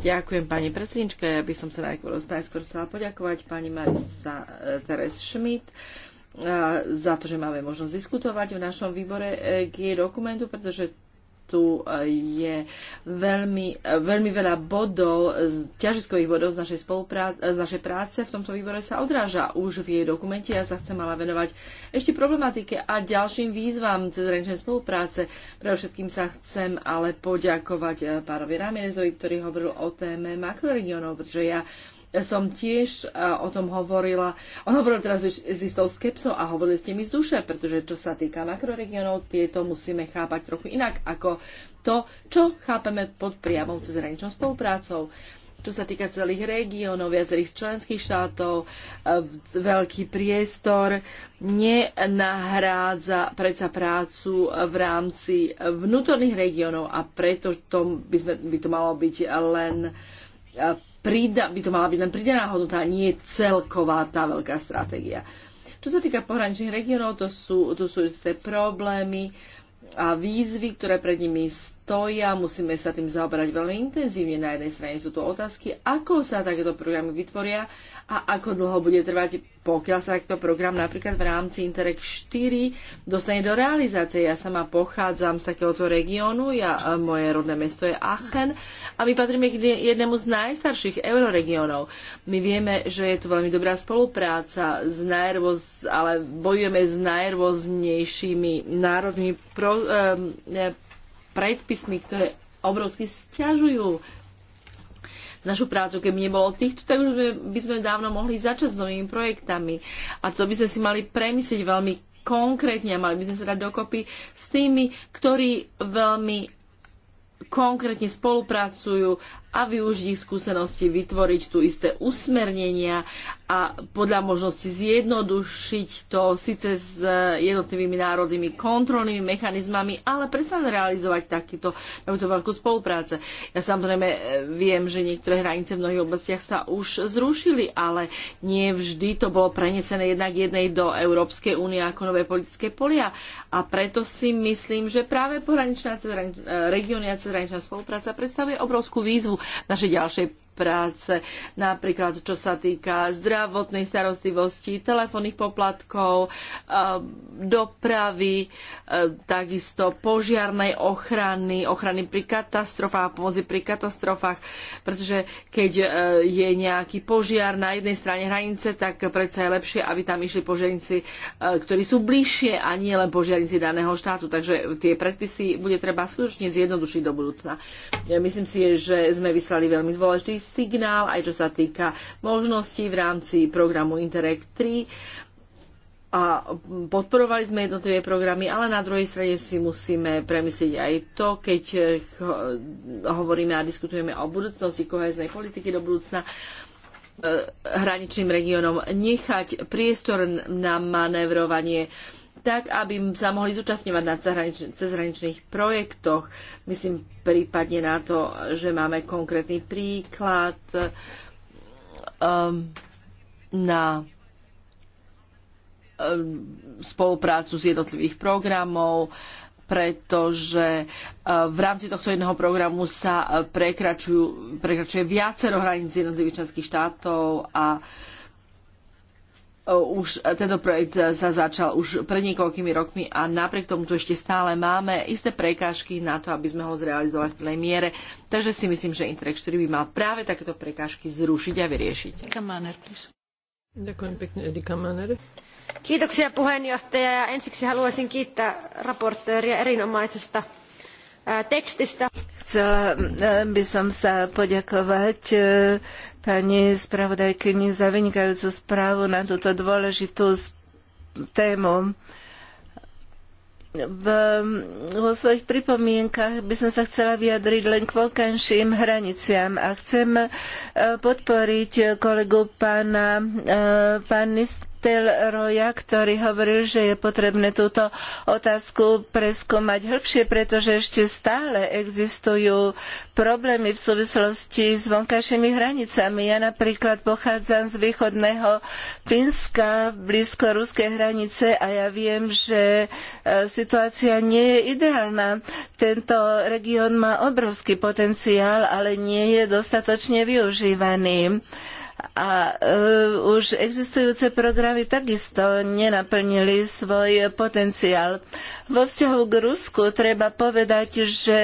Ďakujem pani predsedničke. Ja by som sa najskôr, najskôr chcela poďakovať pani Marisa eh, Teres Schmidt eh, za to, že máme možnosť diskutovať v našom výbore k eh, jej dokumentu, pretože tu e, je veľmi, e, veľmi veľa bodov, e, ťažiskových bodov z našej, z našej práce v tomto výbore sa odráža už v jej dokumente. Ja sa chcem ale venovať ešte problematike a ďalším výzvam cez renčnej spolupráce. Pre všetkým sa chcem ale poďakovať pánovi Ramirezovi, ktorý hovoril o téme makroregionov, pretože ja som tiež o tom hovorila. On hovoril teraz s, istou skepsou a hovorili ste mi z duše, pretože čo sa týka makroregionov, tieto musíme chápať trochu inak ako to, čo chápeme pod priamou hraničnou spoluprácou. Čo sa týka celých regiónov, viacerých členských štátov, e, veľký priestor nenahrádza predsa prácu v rámci vnútorných regiónov a preto to by, sme, by to malo byť len e, prida, by to mala byť len pridaná hodnota, nie celková tá veľká stratégia. Čo sa týka pohraničných regionov, to sú, to sú isté problémy a výzvy, ktoré pred nimi stojí a musíme sa tým zaoberať veľmi intenzívne. Na jednej strane sú tu otázky, ako sa takéto programy vytvoria a ako dlho bude trvať, pokiaľ sa takto program napríklad v rámci Interreg 4 dostane do realizácie. Ja sama pochádzam z takéhoto regiónu, ja, moje rodné mesto je Aachen a my patríme k jednému z najstarších euroregiónov. My vieme, že je tu veľmi dobrá spolupráca, s najrôz, ale bojujeme s najrôznejšími národnými pro, eh, predpismi, ktoré obrovsky stiažujú našu prácu. Keby nebolo týchto, tak už by sme dávno mohli začať s novými projektami. A to by sme si mali premyslieť veľmi konkrétne a mali by sme sa dať dokopy s tými, ktorí veľmi konkrétne spolupracujú a využiť ich skúsenosti, vytvoriť tu isté usmernenia a podľa možnosti zjednodušiť to síce s eh, jednotlivými národnými kontrolnými mechanizmami, ale predsa realizovať takýto, takúto veľkú spolupráce. Ja samozrejme eh, viem, že niektoré hranice v mnohých oblastiach sa už zrušili, ale nie vždy to bolo prenesené jednak jednej do Európskej únie ako nové politické polia. A preto si myslím, že práve pohraničná eh, regionia a cezhraničná spolupráca predstavuje obrovskú výzvu našej ďalšej práce, napríklad čo sa týka zdravotnej starostlivosti, telefónnych poplatkov, eh, dopravy, eh, takisto požiarnej ochrany, ochrany pri katastrofách a pomoci pri katastrofách, pretože keď eh, je nejaký požiar na jednej strane hranice, tak predsa je lepšie, aby tam išli požiarníci, ktorí sú bližšie a nie len požiarníci daného štátu. Takže tie predpisy bude treba skutočne zjednodušiť do budúcna. Ja myslím si, že sme vyslali veľmi dôležitý signál, aj čo sa týka možností v rámci programu Interreg 3 a podporovali sme jednotlivé programy, ale na druhej strane si musíme premyslieť aj to, keď hovoríme a diskutujeme o budúcnosti koheznej politiky do budúcna, e, hraničným regiónom nechať priestor na manévrovanie tak, aby sa mohli zúčastňovať na cezhraničných projektoch. Myslím prípadne na to, že máme konkrétny príklad um, na um, spoluprácu z jednotlivých programov, pretože uh, v rámci tohto jedného programu sa uh, prekračuje viacero hraníc jednotlivých členských štátov a uh, E, už tento projekt sa začal už pred niekoľkými rokmi a napriek tomu tu ešte stále máme isté prekážky na to, aby sme ho zrealizovali v plnej miere. Takže si myslím, že Interreg 4 by mal práve takéto prekážky zrušiť a vyriešiť. Ďakujem pekne, Edika Manner. Kiitoksia puheenjohtaja ja ensiksi haluaisin kiittää raportööriä erinomaisesta tekstistä. Chcela hm, hm, by som sa poďakovať hm, pani spravodajkyni za vynikajúcu správu na túto dôležitú tému. V, vo svojich pripomienkach by som sa chcela vyjadriť len k vonkajším hraniciam a chcem eh, podporiť kolegu pána, eh, pán Nist, Telroja, ktorý hovoril, že je potrebné túto otázku preskúmať hĺbšie, pretože ešte stále existujú problémy v súvislosti s vonkajšími hranicami. Ja napríklad pochádzam z východného Fínska, blízko ruskej hranice a ja viem, že e, situácia nie je ideálna. Tento región má obrovský potenciál, ale nie je dostatočne využívaný a uh, už existujúce programy takisto nenaplnili svoj potenciál. Vo vzťahu k Rusku treba povedať, že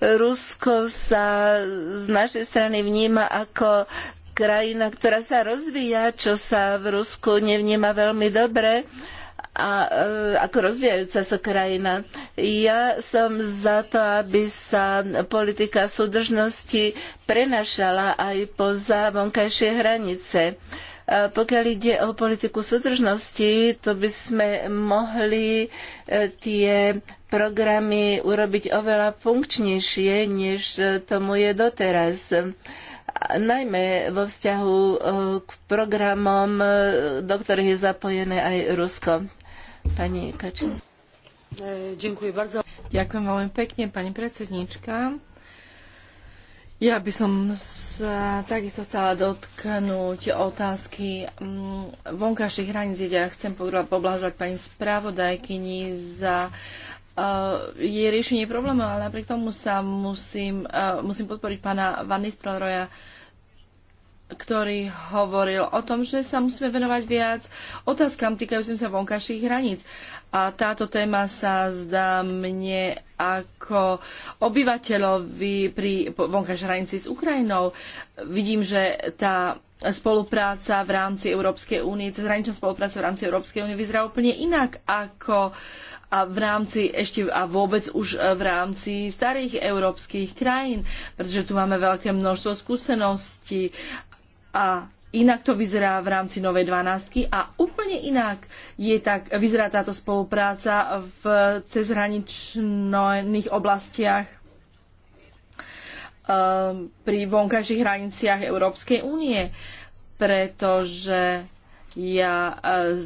Rusko sa z našej strany vníma ako krajina, ktorá sa rozvíja, čo sa v Rusku nevníma veľmi dobre. Uh, a e, ako rozvíjajúca sa krajina. Ja som za to, aby sa politika súdržnosti prenašala aj poza vonkajšie hranice. E, pokiaľ ide o politiku súdržnosti, to by sme mohli e, tie programy urobiť oveľa funkčnejšie, než tomu je doteraz najmä vo vzťahu k programom, do ktorých je zapojené aj Rusko. Pani Ďakujem bardzo. Ďakujem veľmi pekne, pani predsednička. Ja by som sa takisto chcela dotknúť otázky mm, vonkajších hraníc. Ja chcem poblahožať pani spravodajkyni za uh, e, je riešenie problémov, ale napriek tomu sa musím, uh, musím podporiť pána Van Nistelroja uh, ktorý hovoril o tom, že sa musíme venovať viac otázkam týkajúcim sa vonkajších hraníc. A táto téma sa zdá mne ako obyvateľovi pri vonkajšej hranici s Ukrajinou. Vidím, že tá spolupráca v rámci Európskej únie, cezhraničná spolupráca v rámci Európskej únie vyzerá úplne inak ako a v rámci ešte a vôbec už v rámci starých európskych krajín, pretože tu máme veľké množstvo skúseností a inak to vyzerá v rámci Novej 12 a úplne inak je tak, vyzerá táto spolupráca v cezhraničných oblastiach ehm, pri vonkajších hraniciach Európskej únie, pretože ja e,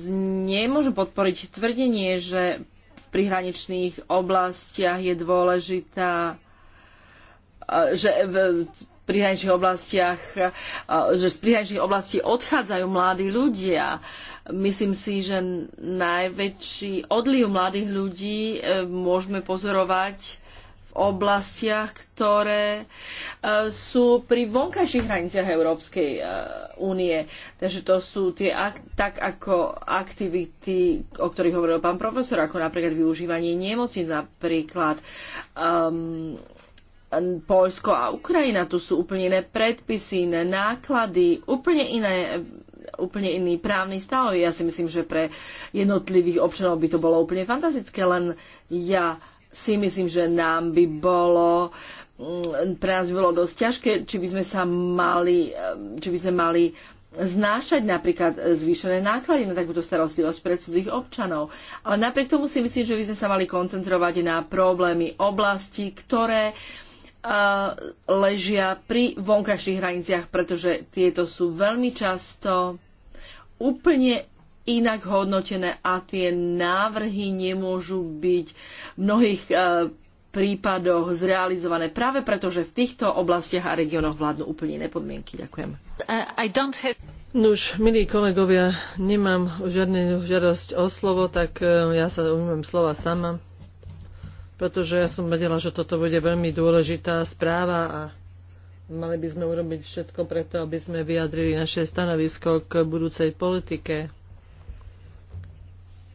nemôžem podporiť tvrdenie, že v prihraničných oblastiach je dôležitá e, že v prihraničných oblastiach, že z prihraničných oblastí odchádzajú mladí ľudia. Myslím si, že najväčší odliv mladých ľudí e, môžeme pozorovať v oblastiach, ktoré e, sú pri vonkajších hraniciach Európskej e, únie. Takže to sú tie tak ako aktivity, o ktorých hovoril pán profesor, ako napríklad využívanie nemocníc, napríklad um, Polsko a Ukrajina, tu sú úplne iné predpisy, iné náklady, úplne iné úplne iný právny stav. Ja si myslím, že pre jednotlivých občanov by to bolo úplne fantastické, len ja si myslím, že nám by bolo mm, pre nás by bolo dosť ťažké, či by sme sa mali, či by sme mali znášať napríklad zvýšené náklady na takúto starostlivosť pre cudzích občanov. Ale napriek tomu si myslím, že by sme sa mali koncentrovať na problémy oblasti, ktoré ležia pri vonkajších hraniciach, pretože tieto sú veľmi často úplne inak hodnotené a tie návrhy nemôžu byť v mnohých e, prípadoch zrealizované práve preto, že v týchto oblastiach a regiónoch vládnu úplne iné podmienky. Ďakujem. Uh, have... Nuž, milí kolegovia, nemám žiadnu žiadosť o slovo, tak e, ja sa umývam slova sama pretože ja som vedela, že toto bude veľmi dôležitá správa a mali by sme urobiť všetko preto, aby sme vyjadrili naše stanovisko k budúcej politike.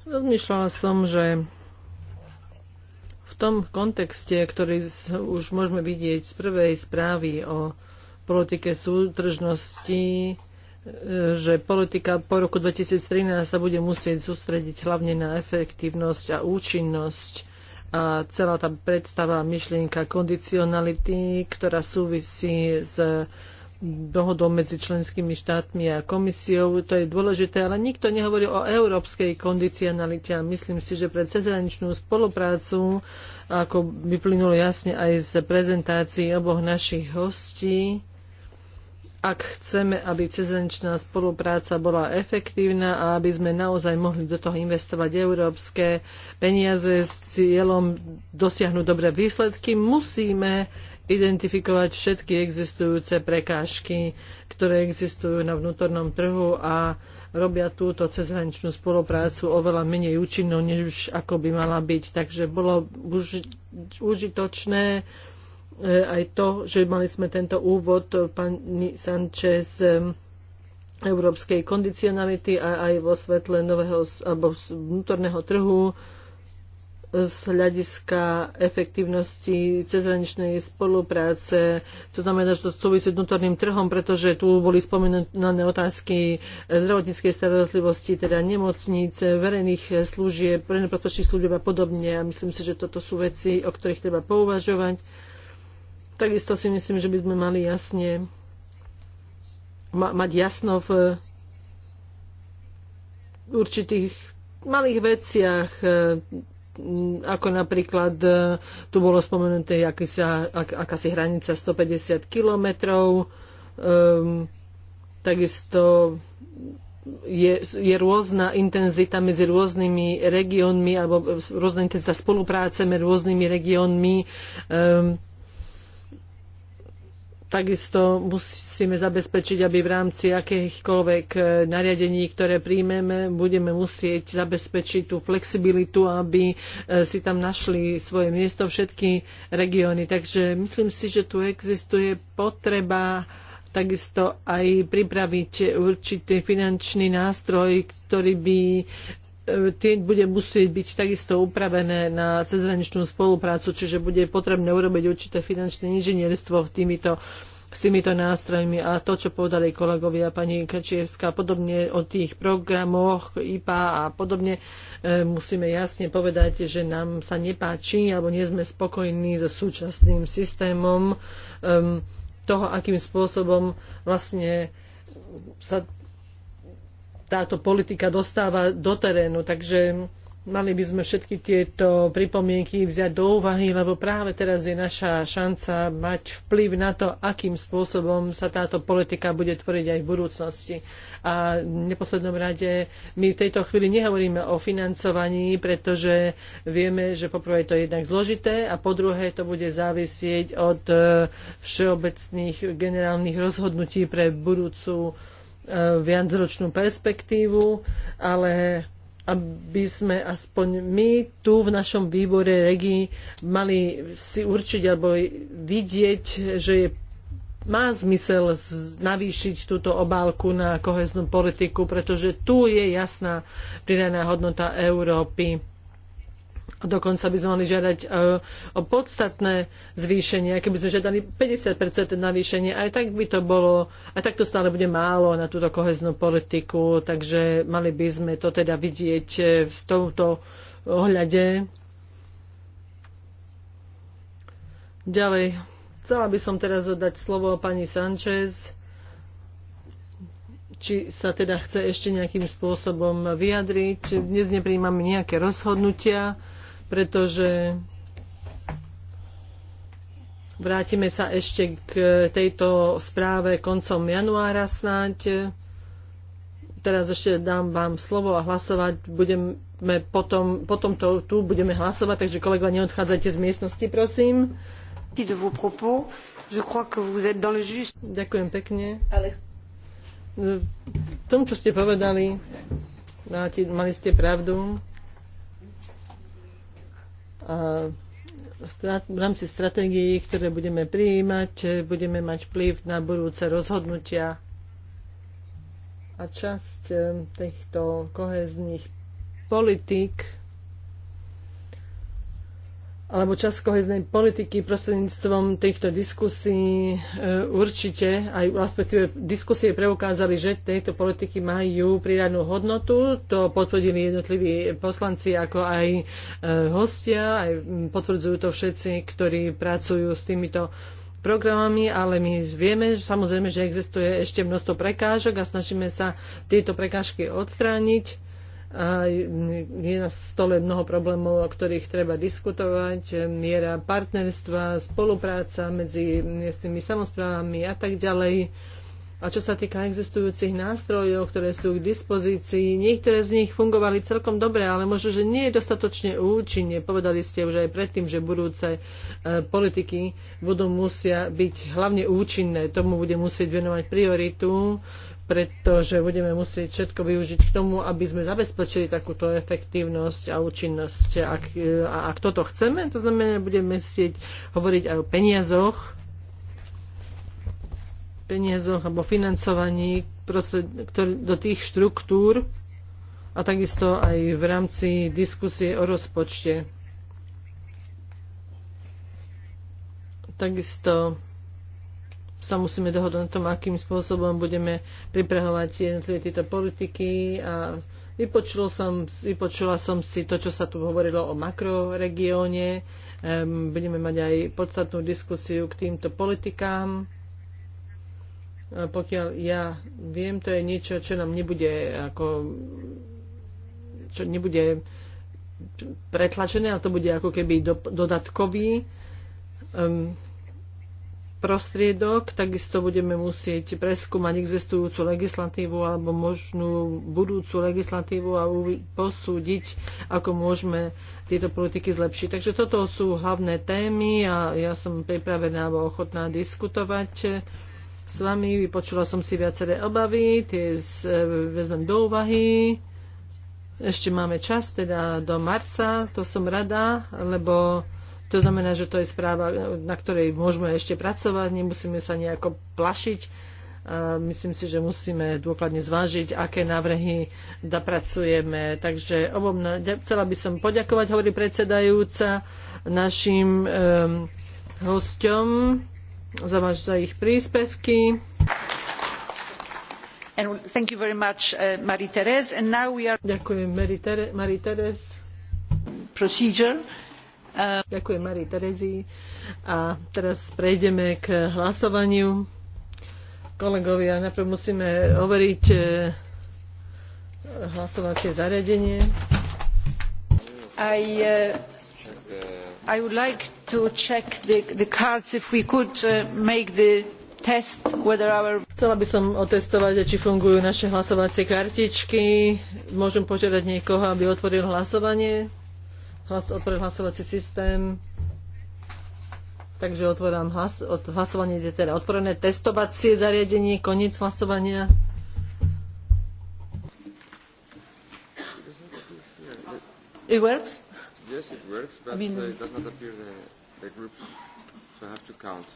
Rozmýšľala som, že v tom kontexte, ktorý už môžeme vidieť z prvej správy o politike súdržnosti, že politika po roku 2013 sa bude musieť sústrediť hlavne na efektívnosť a účinnosť a celá tá predstava myšlienka kondicionality, ktorá súvisí s dohodou medzi členskými štátmi a komisiou, to je dôležité, ale nikto nehovorí o európskej kondicionalite a myslím si, že pre cezhraničnú spoluprácu, ako vyplynulo jasne aj z prezentácií oboch našich hostí, ak chceme, aby cezhraničná spolupráca bola efektívna a aby sme naozaj mohli do toho investovať európske peniaze s cieľom dosiahnuť dobré výsledky, musíme identifikovať všetky existujúce prekážky, ktoré existujú na vnútornom trhu a robia túto cezhraničnú spoluprácu oveľa menej účinnou, než už ako by mala byť. Takže bolo užitočné E, aj to, že mali sme tento úvod e, pani Sanchez e, európskej kondicionality a aj vo svetle nového alebo vnútorného trhu z hľadiska efektívnosti cezhraničnej spolupráce. To znamená, že to súvisí s vnútorným trhom, pretože tu boli spomenané otázky zdravotníckej starostlivosti, teda nemocníc, verejných služieb, verejnoprotočných služieb a podobne. A myslím si, že toto sú veci, o ktorých treba pouvažovať Takisto si myslím, že by sme mali jasne ma, mať jasno v určitých malých veciach, e, ako napríklad e, tu bolo spomenuté akýsi, ak, akási hranica 150 kilometrov, um, takisto je, je rôzna intenzita medzi rôznymi regiónmi alebo rôzna intenzita spolupráce medzi rôznymi regiónmi. Um, Takisto musíme zabezpečiť, aby v rámci akýchkoľvek eh, nariadení, ktoré príjmeme, budeme musieť zabezpečiť tú flexibilitu, aby eh, si tam našli svoje miesto všetky regióny. Takže myslím si, že tu existuje potreba takisto aj pripraviť určitý finančný nástroj, ktorý by eh, E, tie bude musieť byť takisto upravené na cezhraničnú spoluprácu, čiže bude potrebné urobiť určité finančné inžinierstvo v týmito s týmito nástrojmi a to, čo povedali kolegovia pani Kačievská, podobne o tých programoch IPA a podobne, e, musíme jasne povedať, že nám sa nepáči alebo nie sme spokojní so súčasným systémom e, toho, akým spôsobom vlastne sa táto politika dostáva do terénu. Takže mali by sme všetky tieto pripomienky vziať do úvahy, lebo práve teraz je naša šanca mať vplyv na to, akým spôsobom sa táto politika bude tvoriť aj v budúcnosti. A v neposlednom rade my v tejto chvíli nehovoríme o financovaní, pretože vieme, že poprvé to je jednak zložité a po druhé to bude závisieť od eh, všeobecných generálnych rozhodnutí pre budúcu Eh, viacročnú perspektívu, ale aby sme aspoň my tu v našom výbore regii mali si určiť alebo vidieť, že je má zmysel navýšiť túto obálku na koheznú politiku, pretože tu je jasná pridaná hodnota Európy Dokonca by sme mali žiadať e, o podstatné zvýšenie, keby sme žiadali 50% navýšenie, aj tak by to bolo, aj tak to stále bude málo na túto koheznú politiku, takže mali by sme to teda vidieť e, v tomto ohľade. Ďalej, chcela by som teraz dať slovo pani Sanchez, či sa teda chce ešte nejakým spôsobom vyjadriť. Dnes nepríjmame nejaké rozhodnutia pretože vrátime sa ešte k tejto správe koncom januára snáď. Teraz ešte dám vám slovo a hlasovať budeme potom, potom to, tu budeme hlasovať, takže kolegovia, neodchádzajte z miestnosti, prosím. Ďakujem pekne. Ale... V tom, čo ste povedali, mali ste pravdu v rámci stratégií, ktoré budeme prijímať, budeme mať vplyv na budúce rozhodnutia a časť eh, týchto kohezných politík alebo čas koheznej politiky prostredníctvom týchto diskusí e, určite aj aspektíve diskusie preukázali, že tejto politiky majú pridanú hodnotu. To potvrdili jednotliví poslanci ako aj e, hostia, aj potvrdzujú to všetci, ktorí pracujú s týmito programami, ale my vieme, že samozrejme, že existuje ešte množstvo prekážok a snažíme sa tieto prekážky odstrániť a je na stole mnoho problémov, o ktorých treba diskutovať, miera partnerstva, spolupráca medzi miestnymi samozprávami a tak ďalej. A čo sa týka existujúcich nástrojov, ktoré sú k dispozícii, niektoré z nich fungovali celkom dobre, ale možno, že nie je dostatočne účinne. Povedali ste už aj predtým, že budúce e, politiky budú musia byť hlavne účinné. Tomu bude musieť venovať prioritu pretože budeme musieť všetko využiť k tomu, aby sme zabezpečili takúto efektívnosť a účinnosť. Ak, a ak toto chceme, to znamená, budeme musieť hovoriť aj o peniazoch, peniazoch alebo financovaní proste, ktorý, do tých štruktúr a takisto aj v rámci diskusie o rozpočte. Takisto sa musíme dohodnúť na tom, akým spôsobom budeme pripravovať jednotlivé tieto politiky a Vypočul som, vypočula som si to, čo sa tu hovorilo o makroregióne. Um, budeme mať aj podstatnú diskusiu k týmto politikám. Pokiaľ ja viem, to je niečo, čo nám nebude ako, čo nebude pretlačené, ale to bude ako keby do, dodatkový um, prostriedok. Takisto budeme musieť preskúmať existujúcu legislatívu alebo možnú budúcu legislatívu a posúdiť, ako môžeme tieto politiky zlepšiť. Takže toto sú hlavné témy a ja som pripravená alebo ochotná diskutovať s vami. Vypočula som si viaceré obavy, tie vezmem do úvahy. Ešte máme čas, teda do marca, to som rada, lebo to znamená, že to je správa, na ktorej môžeme ešte pracovať, nemusíme sa nejako plašiť. myslím si, že musíme dôkladne zvážiť, aké návrhy pracujeme. Takže obom, chcela by som poďakovať, hovorí predsedajúca, našim um, hostom za, vaš, za ich príspevky. Much, uh, are... Ďakujem, Marie Marie Procedure Ďakujem Marii Terezii. A teraz prejdeme k hlasovaniu. Kolegovia, najprv musíme overiť e, hlasovacie zariadenie. I, uh, I would like to check the, the cards if we could uh, make the test whether our... Chcela by som otestovať, či fungujú naše hlasovacie kartičky. Môžem požiadať niekoho, aby otvoril hlasovanie hlas, otvoril hlasovací systém. Takže otvorám hlas, od, hlasovanie, je teda otvorené testovacie zariadenie, koniec hlasovania. It works? Yes, it works, but I mean, uh, it does not appear the, the groups, so I have to count.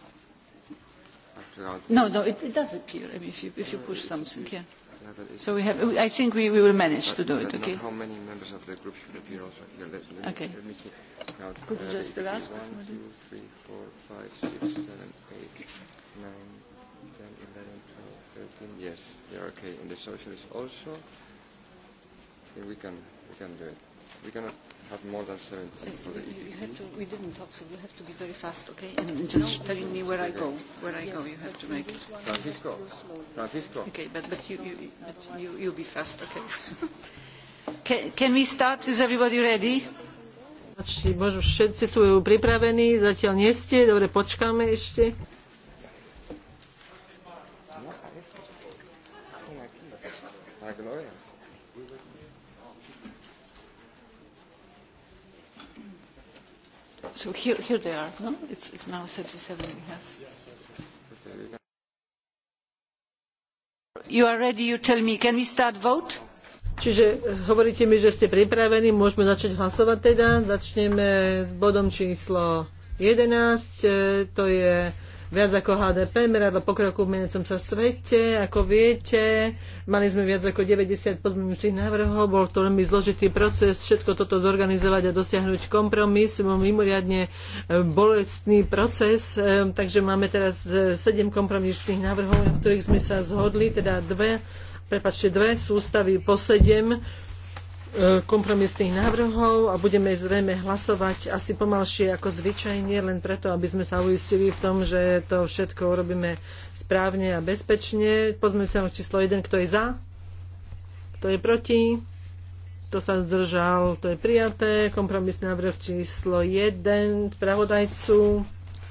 Have to count. No, no, it, it does appear I mean, if, you, if you push something, yeah. So we have, I think we, we will manage to do it, okay? How many members of the group should appear also? Yeah, let, let, okay. Let me see. Now, Could uh, just the last one? One, two, three, four, five, six, seven, eight, nine, ten, eleven, twelve, thirteen. Yes, they're okay. And the socialists also. Okay, we can, we can do it. We cannot have more than 17 for the EPP. You have to, we didn't talk, so you have to be very fast, okay? And just no, telling me where I go. Where I yes, go, you have to make it. Francisco. Francisco. Okay, but, but, you, you, but you, you be fast, okay? [LAUGHS] can, can we start? Is everybody ready? Všetci sú pripravení, zatiaľ nie ste. Dobre, počkáme ešte. So here, here they are, no? It's, it's now we have. You are ready, you tell me. Can we start vote? Čiže eh, hovoríte mi, že ste pripravení, môžeme začať hlasovať teda. Začneme s bodom číslo 11, eh, to je viac ako HDP, meradlo pokroku v menecom sa svete. Ako viete, mali sme viac ako 90 pozmeňujúcich návrhov, bol to veľmi zložitý proces, všetko toto zorganizovať a dosiahnuť kompromis, bol mimoriadne e, bolestný proces, e, takže máme teraz 7 e, kompromisných návrhov, na ktorých sme sa zhodli, teda dve, prepačte, dve sústavy po 7 E, kompromisných návrhov a budeme zrejme hlasovať asi pomalšie ako zvyčajne, len preto, aby sme sa uistili v tom, že to všetko urobíme správne a bezpečne. Pozme sa na číslo 1, kto je za, kto je proti, kto sa zdržal, to je prijaté. Kompromisný návrh číslo 1, spravodajcu,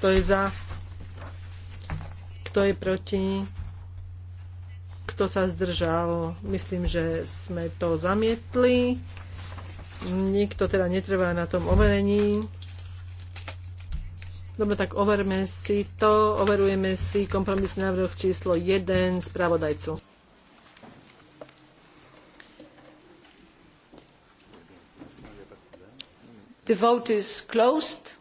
kto je za, kto je proti, kto sa zdržal? Myslím, že sme to zamietli. Nikto teda netrvá na tom overení. Dobre, tak overme si to. Overujeme si kompromisný návrh číslo 1 spravodajcu. The vote is closed.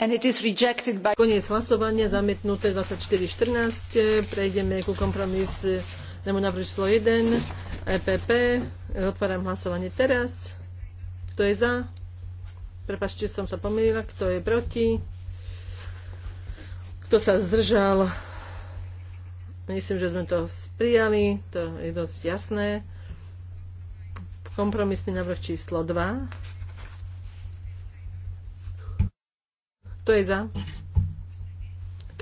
And it is rejected by... Koniec hlasovania, zamietnuté 24.14. Prejdeme ku kompromisnému návrhu číslo 1. EPP. Otváram hlasovanie teraz. Kto je za? Prepačte, som sa pomýlila. Kto je proti? Kto sa zdržal? Myslím, že sme to prijali. To je dosť jasné. Kompromisný návrh číslo 2. Kto je za?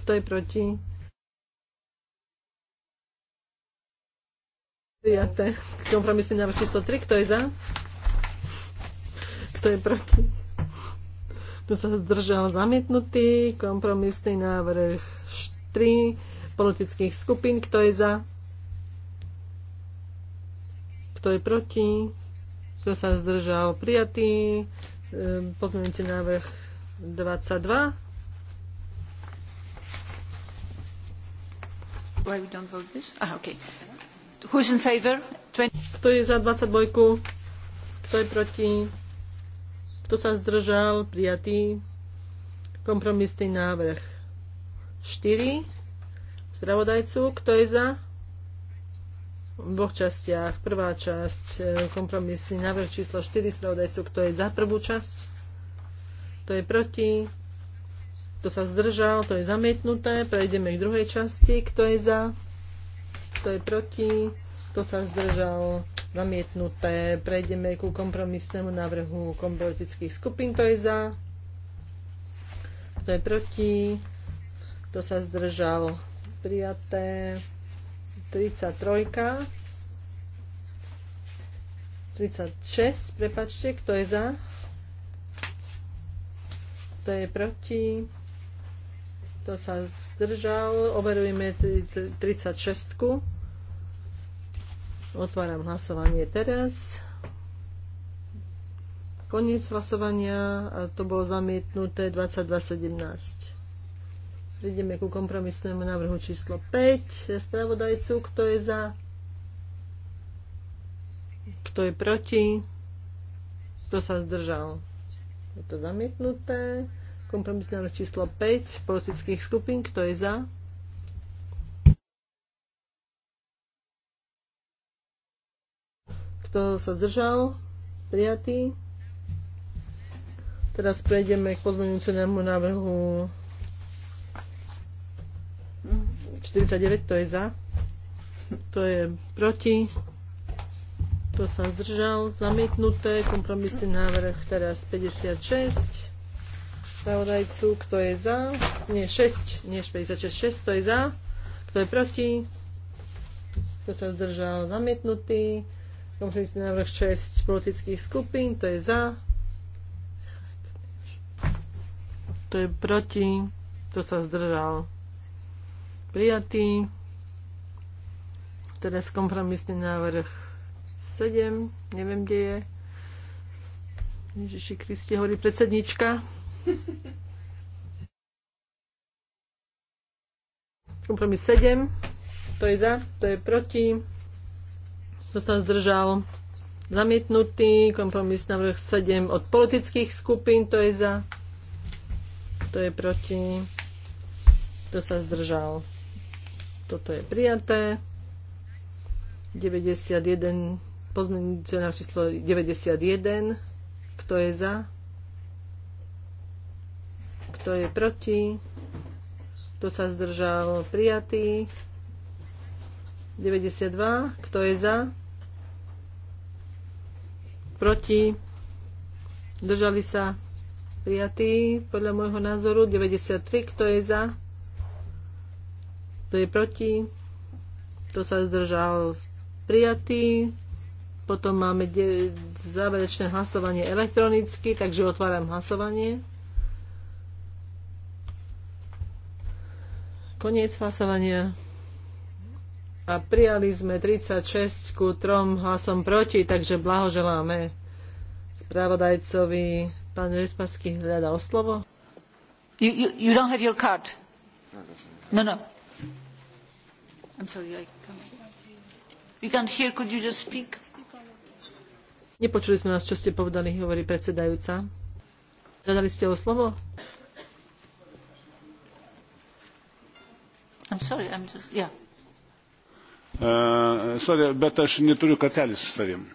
Kto je proti? Prijaté. Kompromisný návrh číslo 3. Kto je za? Kto je proti? Kto sa zdržal zamietnutý? Kompromisný návrh 3 politických skupín. Kto je za? Kto je proti? Kto sa zdržal? Prijatý. Ehm, pozmeňujúci návrh 22. Ah, kto je za 22? Kto je proti? Kto sa zdržal? Prijatý. Kompromisný návrh. 4. Spravodajcu. Kto je za? V dvoch častiach. Prvá časť. Eh, kompromisný návrh číslo 4. Spravodajcu. Kto je za prvú časť? To je proti, kto sa zdržal, to je zamietnuté. Prejdeme k druhej časti, kto je za, To je proti, to sa zdržal, zamietnuté. Prejdeme ku kompromisnému návrhu politických skupín, kto je za, to je proti, to sa zdržal, prijaté. 33. 36, prepačte, kto je za? kto je proti, kto sa zdržal. Overujeme 36. Otváram hlasovanie teraz. Koniec hlasovania a to bolo zamietnuté 2217. Prídeme ku kompromisnému návrhu číslo 5 spravodajcu. Kto je za? Kto je proti? Kto sa zdržal? je to zamietnuté. Kompromis návrh číslo 5 politických skupín, kto je za? Kto sa zdržal? Prijatý. Teraz prejdeme k pozmeňujúcemu návrhu 49, to je za. To je proti kto sa zdržal, zamietnuté, kompromisný návrh teraz 56 Pravodajcu, kto je za, nie 6, nie 56, 6, kto je za, kto je proti, kto sa zdržal, zamietnutý, kompromisný návrh 6 politických skupín, to je za, kto je proti, kto sa zdržal, prijatý, teraz kompromisný návrh 7, neviem, kde je. Ježiši Kristi, hovorí predsednička. Kompromis 7, to je za, to je proti. To sa zdržal zamietnutý. Kompromis návrh 7 od politických skupín, to je za, to je proti. To sa zdržal. Toto je prijaté. 91 Pozmeňujúce na číslo 91. Kto je za? Kto je proti? Kto sa zdržal? Prijatý. 92. Kto je za? Proti? Držali sa? Prijatý. Podľa môjho názoru 93. Kto je za? Kto je proti? Kto sa zdržal? Prijatý. Potom máme záverečné hlasovanie elektronicky, takže otváram hlasovanie. Koniec hlasovania. A prijali sme 36 ku 3 hlasom proti, takže blahoželáme spravodajcovi. Pán Respasky hľadá o slovo. You, you, you don't have your card. No, no. I'm sorry, I can't. We can't hear. Could you just speak? Nepočuli sme vás, čo ste povedali, hovorí predsedajúca. Zadali ste o slovo? I'm sorry, I'm just, yeah. Uh, sorry, bet aš neturiu kartelės su savim.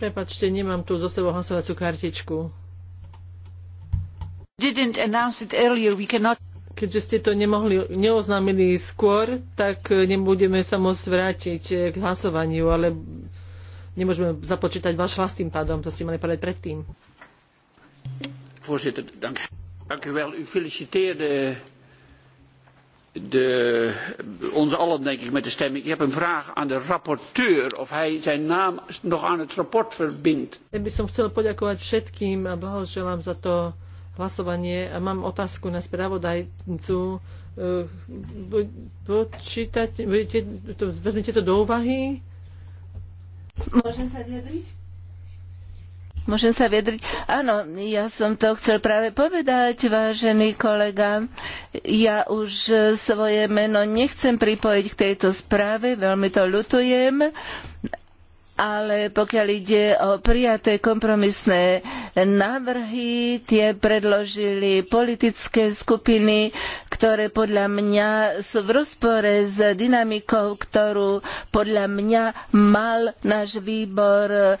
Prepačte, nemám tu zo sebou hlasovaciu kartičku. Didn't announce it earlier, we cannot... Keďže ste to nemohli, neoznámili skôr, tak eh, nebudeme sa môcť vrátiť eh, k hlasovaniu, ale nemôžeme započítať váš hlas tým pádom, to ste mali povedať predtým. Voorzitter, dank, dank u wel. U feliciteerde de, ons allen denk ik met de stemming. Ik heb een vraag aan de rapporteur of hij zijn naam nog aan het rapport verbindt. by som chcel poďakovať všetkým a blahoželám za to hlasovanie. A mám otázku na spravodajcu. Eh, počítať, budete, to, vezmete to do úvahy? Môžem sa vyjadriť? Môžem sa vyjadriť? Áno, ja som to chcel práve povedať, vážený kolega. Ja už svoje meno nechcem pripojiť k tejto správe, veľmi to ľutujem, ale pokiaľ ide o prijaté kompromisné návrhy, tie predložili politické skupiny, ktoré podľa mňa sú v rozpore s dynamikou, ktorú podľa mňa mal náš výbor e,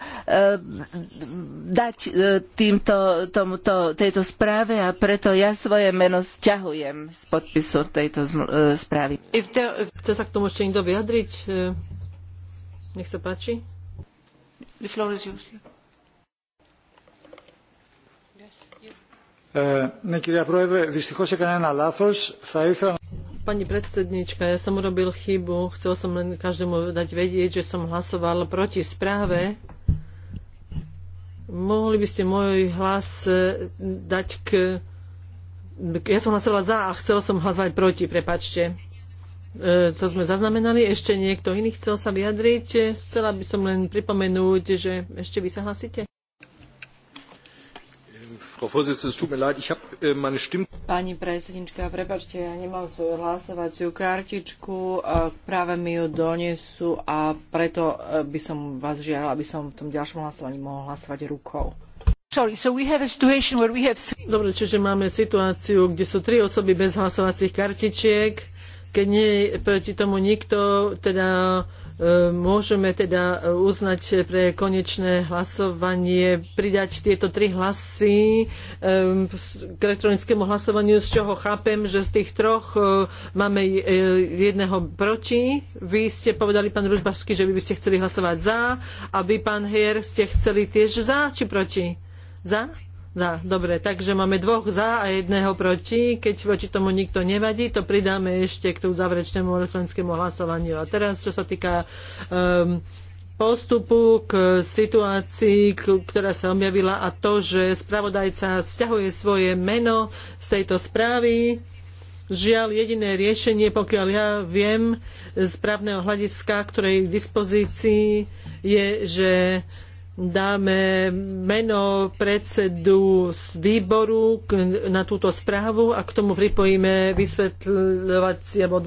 dať e, týmto, tomuto, tejto správe a preto ja svoje meno sťahujem z podpisu tejto e, správy. Chce sa k tomu ešte niekto vyjadriť? Nech sa páči. The floor is yours. Pani predsedníčka, ja som urobil chybu. Chcel som len každému dať vedieť, že som hlasoval proti správe. Mohli by ste môj hlas e, dať k... Ja som hlasovala za a chcel som hlasovať proti, prepačte. E, to sme zaznamenali. Ešte niekto iný chcel sa vyjadriť. Chcela by som len pripomenúť, že ešte vy sa hlasíte. Äh, Pani predsednička, prepačte, ja nemám svoju hlasovaciu kartičku, práve mi ju donesú a preto e, by som vás žiadala, aby som v tom ďalšom hlasovaní mohol hlasovať rukou. Dobre, čiže máme situáciu, kde sú tri osoby bez hlasovacích kartičiek. Keď nie je proti tomu nikto, teda môžeme teda e, uznať pre konečné hlasovanie, pridať tieto tri hlasy k elektronickému hlasovaniu, z čoho chápem, že z tých troch e, máme e, jedného proti. Vy ste povedali, pán Ružbašský, že vy by ste chceli hlasovať za a vy, pán Heer, ste chceli tiež za či proti? Za? Za, dobre, takže máme dvoch za a jedného proti. Keď voči tomu nikto nevadí, to pridáme ešte k tú záverečnému referenskému hlasovaniu. A teraz, čo sa týka um, postupu k situácii, ktorá sa objavila a to, že spravodajca stiahuje svoje meno z tejto správy. Žiaľ, jediné riešenie, pokiaľ ja viem z právneho hľadiska, ktorej k dispozícii, je, že dáme meno predsedu z výboru na túto správu a k tomu pripojíme vysvetľovacie alebo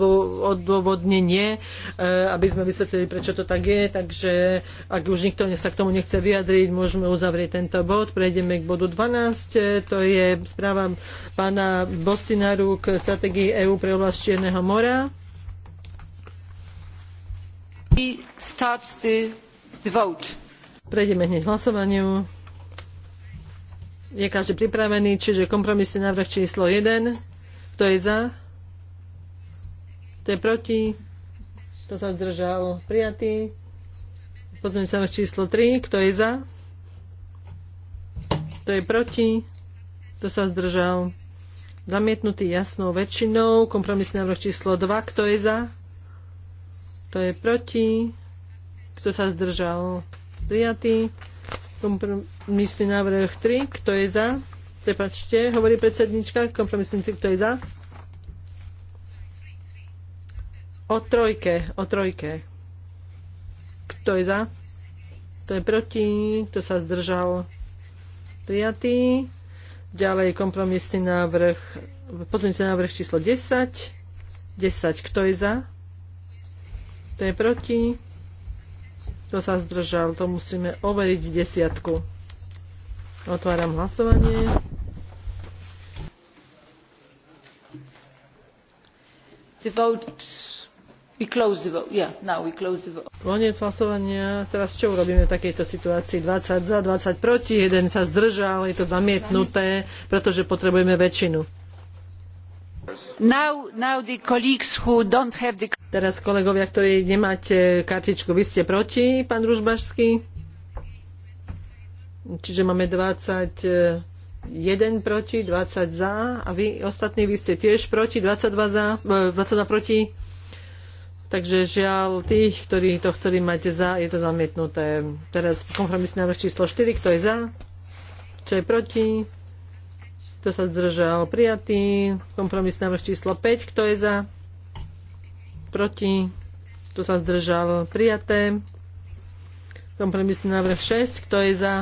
odôvodnenie, e, aby sme vysvetlili, prečo to tak je. Takže ak už nikto sa k tomu nechce vyjadriť, môžeme uzavrieť tento bod. Prejdeme k bodu 12. To je správa pána Bostinaru k strategii EÚ pre oblasť Čierneho mora. He starts the vote. Prejdeme hneď hlasovaniu. Je každý pripravený, čiže kompromisný návrh číslo 1. Kto je za? Kto je proti? Kto sa zdržal? Prijatý. Pozrieme sa na číslo 3. Kto je za? Kto je proti? Kto sa zdržal? Zamietnutý jasnou väčšinou. Kompromisný návrh číslo 2. Kto je za? Kto je proti? Kto sa zdržal? prijatý. Kompromisný návrh 3, kto je za? Prepačte, hovorí predsednička, kompromisný 3, kto je za? O trojke, o trojke. Kto je za? Kto je proti? Kto sa zdržal? Prijatý. Ďalej kompromisný návrh, pozmeňujúci návrh číslo 10. 10. Kto je za? Kto je proti? Kto sa zdržal? To musíme overiť desiatku. Otváram hlasovanie. The vote. We close the vote. Yeah, now we close the vote. Konec hlasovania. Teraz čo urobíme v takejto situácii? 20 za, 20 proti, jeden sa zdržal, je to zamietnuté, pretože potrebujeme väčšinu. Teraz kolegovia, ktorí nemáte kartičku, vy ste proti, pán Ružbašský? Čiže máme jeden proti, 20 za a vy ostatní, vy ste tiež proti, 22 za, 20 e, za proti. Takže žiaľ, tých, ktorí to chceli mať za, je to zamietnuté. Teraz kompromisný návrh číslo 4, kto je za, čo je proti. Kto sa zdržal? Prijatý. Kompromis návrh číslo 5. Kto je za? Proti. Kto sa zdržal? Prijaté. Kompromisný návrh 6. Kto je za?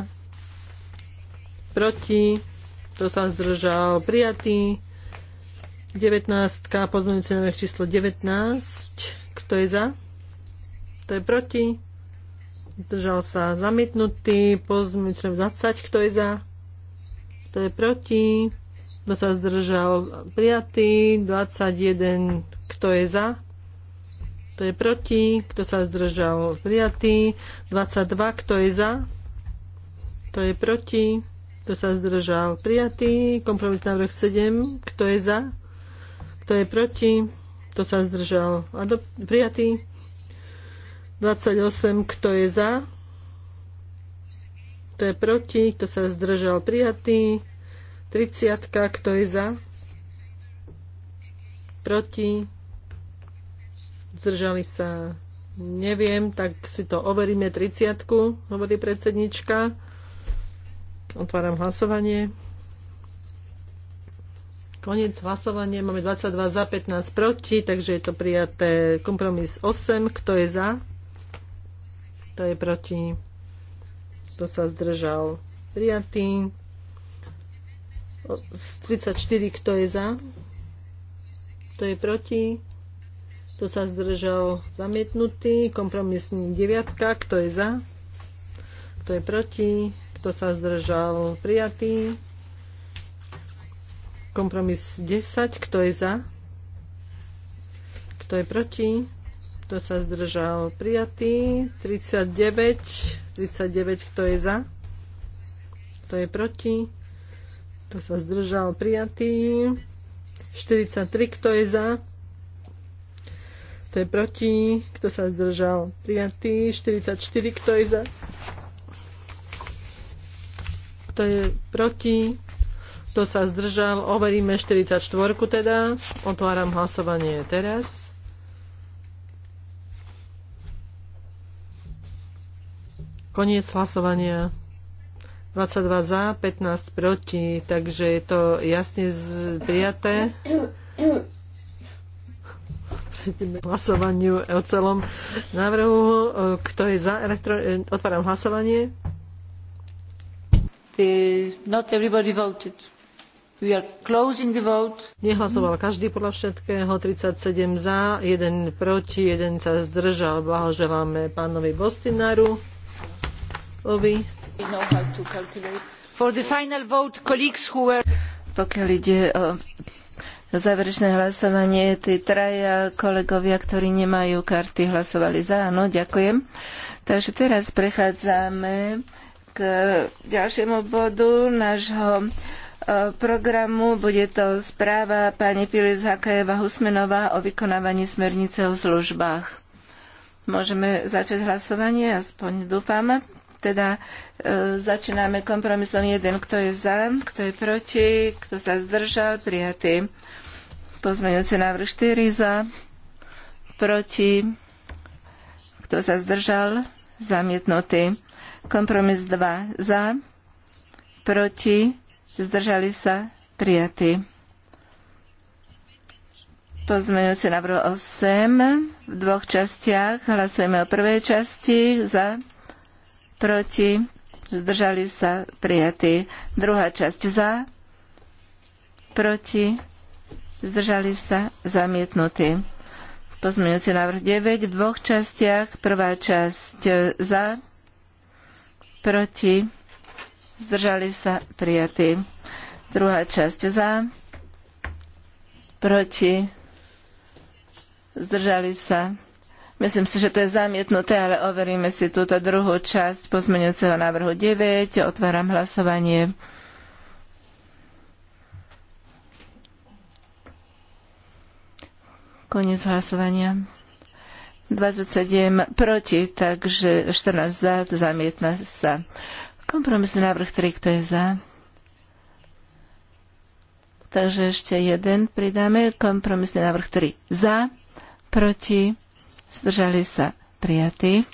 Proti. Kto sa zdržal? Prijatý. 19. Pozmeňujúci návrh číslo 19. Kto je za? Kto je proti? Zdržal sa zamietnutý. Pozmeňujúci 20. Kto je za? to je proti, kto sa zdržal prijatý, 21, kto je za, kto je proti, kto sa zdržal prijatý, 22, kto je za, kto je proti, kto sa zdržal prijatý, kompromis návrh 7, kto je za, kto je proti, kto sa zdržal prijatý, 28, kto je za, kto je proti, kto sa zdržal prijatý. 30, kto je za, proti, zdržali sa, neviem, tak si to overíme 30, hovorí predsednička. Otváram hlasovanie. Koniec hlasovania. Máme 22 za, 15 proti, takže je to prijaté kompromis 8. Kto je za? Kto je proti? kto sa zdržal. Prijatý. 34, kto je za, kto je proti, kto sa zdržal. Zamietnutý. Kompromisný 9, kto je za, kto je proti, kto sa zdržal. Prijatý. Kompromis 10, kto je za, kto je proti, kto sa zdržal? Prijatý. 39. 39. Kto je za? Kto je proti? Kto sa zdržal? Prijatý. 43. Kto je za? Kto je proti? Kto sa zdržal? Prijatý. 44. Kto je za? Kto je proti? Kto sa zdržal? Overíme 44 teda. Otváram hlasovanie teraz. Koniec hlasovania. 22 za, 15 proti, takže je to jasne prijaté. Prejdeme k hlasovaniu o celom návrhu. Kto je za? Elektro... Eh, otváram hlasovanie. The, not everybody voted. We are closing the vote. Nehlasoval každý podľa všetkého, 37 za, 1 proti, 1 sa zdržal. Blahoželáme pánovi Bostinaru. Pokiaľ ide o záverečné hlasovanie, tí traja kolegovia, ktorí nemajú karty, hlasovali za. Áno, ďakujem. Takže teraz prechádzame k ďalšiemu bodu nášho e, programu. Bude to správa pani Pilis Hakajeva Husmenová o vykonávaní smernice o službách. Môžeme začať hlasovanie, aspoň dúfam. Teda e, začíname kompromisom 1, kto je za, kto je proti, kto sa zdržal, prijatý. Pozmeňujúci návrh 4 za, proti, kto sa zdržal, zamietnutý. Kompromis 2 za, proti, zdržali sa, prijatý. Pozmeňujúce návrh 8 v dvoch častiach. Hlasujeme o prvej časti za, proti, zdržali sa prijatí. Druhá časť za, proti, zdržali sa zamietnutí. Pozmeňujúci návrh 9 v dvoch častiach. Prvá časť za, proti, zdržali sa prijatí. Druhá časť za, proti, Zdržali sa. Myslím si, že to je zamietnuté, ale overíme si túto druhú časť pozmeňujúceho návrhu 9. Otváram hlasovanie. Koniec hlasovania. 27 proti, takže 14 za, zamietna sa. Kompromisný návrh 3, kto je za? Takže ešte jeden pridáme. Kompromisný návrh 3 za proti, zdržali sa prijatí.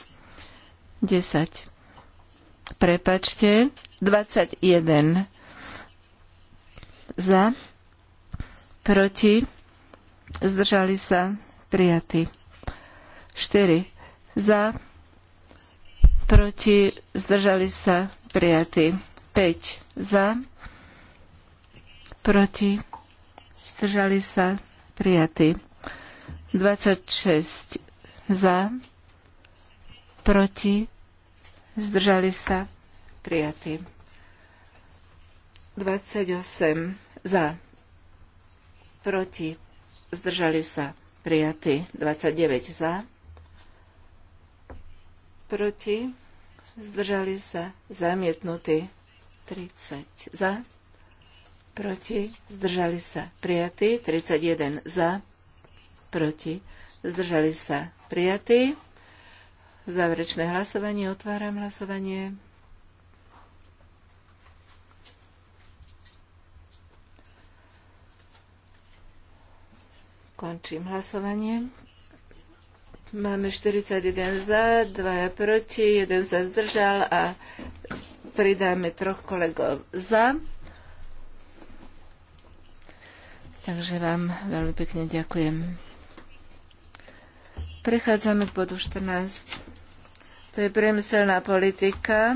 10. Prepačte, 21 za, proti, zdržali sa prijatí. 4 za, proti, zdržali sa prijatí. 5 za, proti, zdržali sa prijatí. 26 za, proti, zdržali sa, prijatí. 28 za, proti, zdržali sa, prijatí. 29 za, proti, zdržali sa, zamietnutí. 30 za, proti, zdržali sa, prijatí. 31 za, proti, zdržali sa prijatí. Záverečné hlasovanie, otváram hlasovanie. Končím hlasovanie. Máme 41 za, 2 proti, 1 sa zdržal a pridáme troch kolegov za. Takže vám veľmi pekne ďakujem. Prechádzame k bodu 14. To je priemyselná politika, e,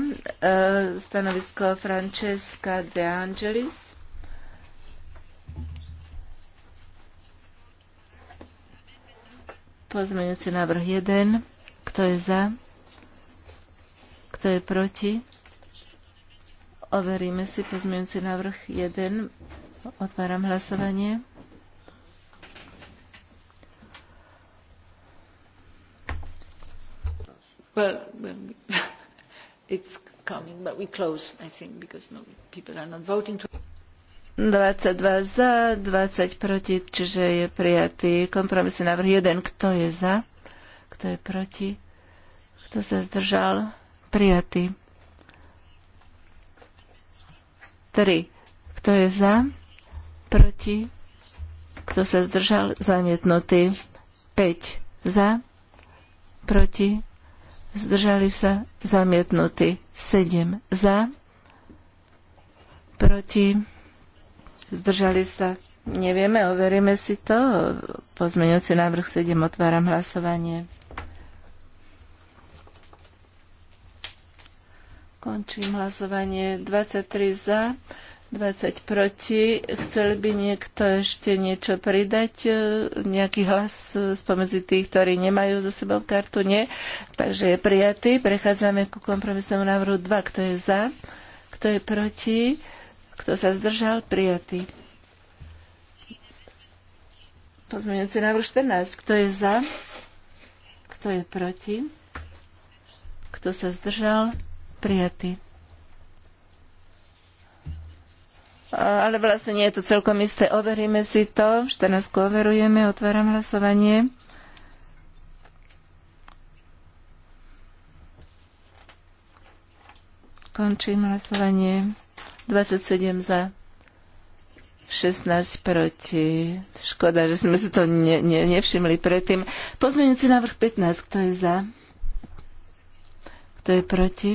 stanovisko Francesca de Angelis. Pozmeňujúci návrh 1. Kto je za? Kto je proti? Overíme si pozmeňujúci návrh 1. Otváram hlasovanie. Well, [LAUGHS] it's coming, but we close, I think, because no, people are not voting. To... 22 za, 20 proti, čiže je prijatý kompromisný návrh jeden. Kto je za? Kto je proti? Kto sa zdržal? Prijatý. 3. Kto je za? Proti? Kto sa zdržal? Zamietnutý. 5. Za? Proti? zdržali sa zamietnutí 7 za, proti, zdržali sa, nevieme, overíme si to, pozmeňujúci návrh 7, otváram hlasovanie. Končím hlasovanie 23 za, 20 proti. Chcel by niekto ešte niečo pridať? E, nejaký hlas e, spomedzi tých, ktorí nemajú za sebou kartu? Nie. Takže je prijatý. Prechádzame ku kompromisnému návrhu 2. Kto je za? Kto je proti? Kto sa zdržal? Prijatý. Pozmeňujúci návrh 14. Kto je za? Kto je proti? Kto sa zdržal? Prijatý. ale vlastne nie je to celkom isté. Overíme si to. 14 overujeme, otváram hlasovanie. Končím hlasovanie. 27 za. 16 proti. Škoda, že sme si to ne, ne, nevšimli predtým. Pozmeňujúci návrh 15. Kto je za? Kto je proti?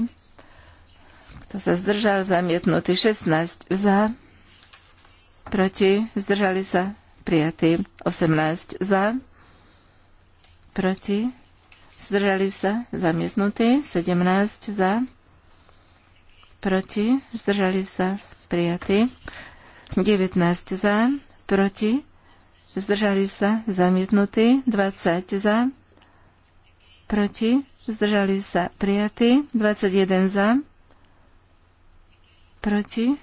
Kto sa zdržal? Zamietnutý 16 za proti, zdržali sa, prijatí. 18 za, proti, zdržali sa, zamietnutí. 17 za, proti, zdržali sa, prijatí. 19 za, proti, zdržali sa, zamietnutí. 20 za, proti, zdržali sa, prijatí. 21 za, proti,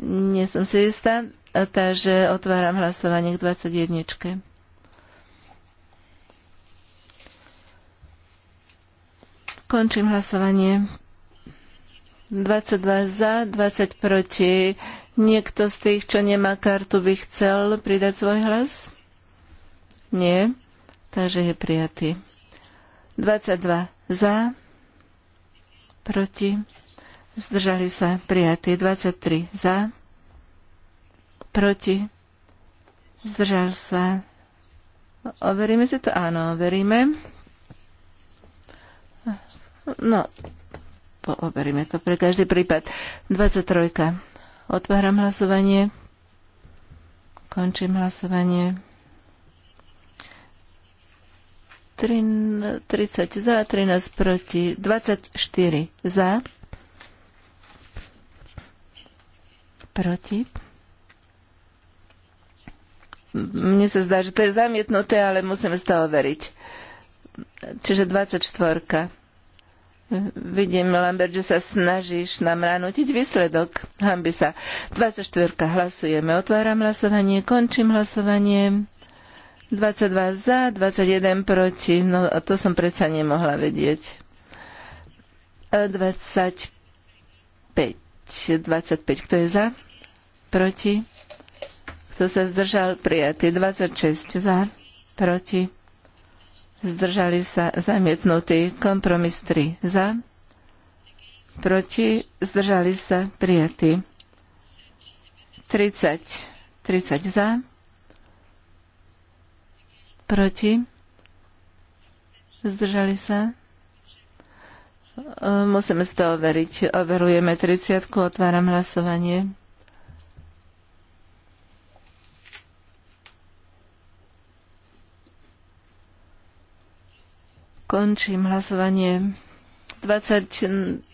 nie no, som si istá, takže otváram hlasovanie k 21. Končím hlasovanie. 22 za, 20 proti. Niekto z tých, čo nemá kartu, by chcel pridať svoj hlas? Nie. Takže je prijatý. 22 za, proti Zdržali sa prijatí 23 za. Proti. Zdržal sa. Overíme si to? Áno, overíme. No, overíme to pre každý prípad. 23. Otváram hlasovanie. Končím hlasovanie. 30 za, 13 proti, 24 za Proti? Mne sa zdá, že to je zamietnuté, ale musíme z toho veriť. Čiže 24. Vidím, Lambert, že sa snažíš nám ránutiť výsledok. Hambi sa. 24. Hlasujeme. Otváram hlasovanie, končím hlasovanie. 22 za, 21 proti. No to som predsa nemohla vedieť. 25. 25. Kto je za? Proti? Kto sa zdržal? Prijatý. 26. Za? Proti? Zdržali sa zamietnutí. Kompromis 3. Za? Proti? Zdržali sa prijatí. 30. 30 za. Proti? Zdržali sa? Eh, musíme si to overiť. Overujeme 30. Otváram hlasovanie. Končím hlasovanie. 29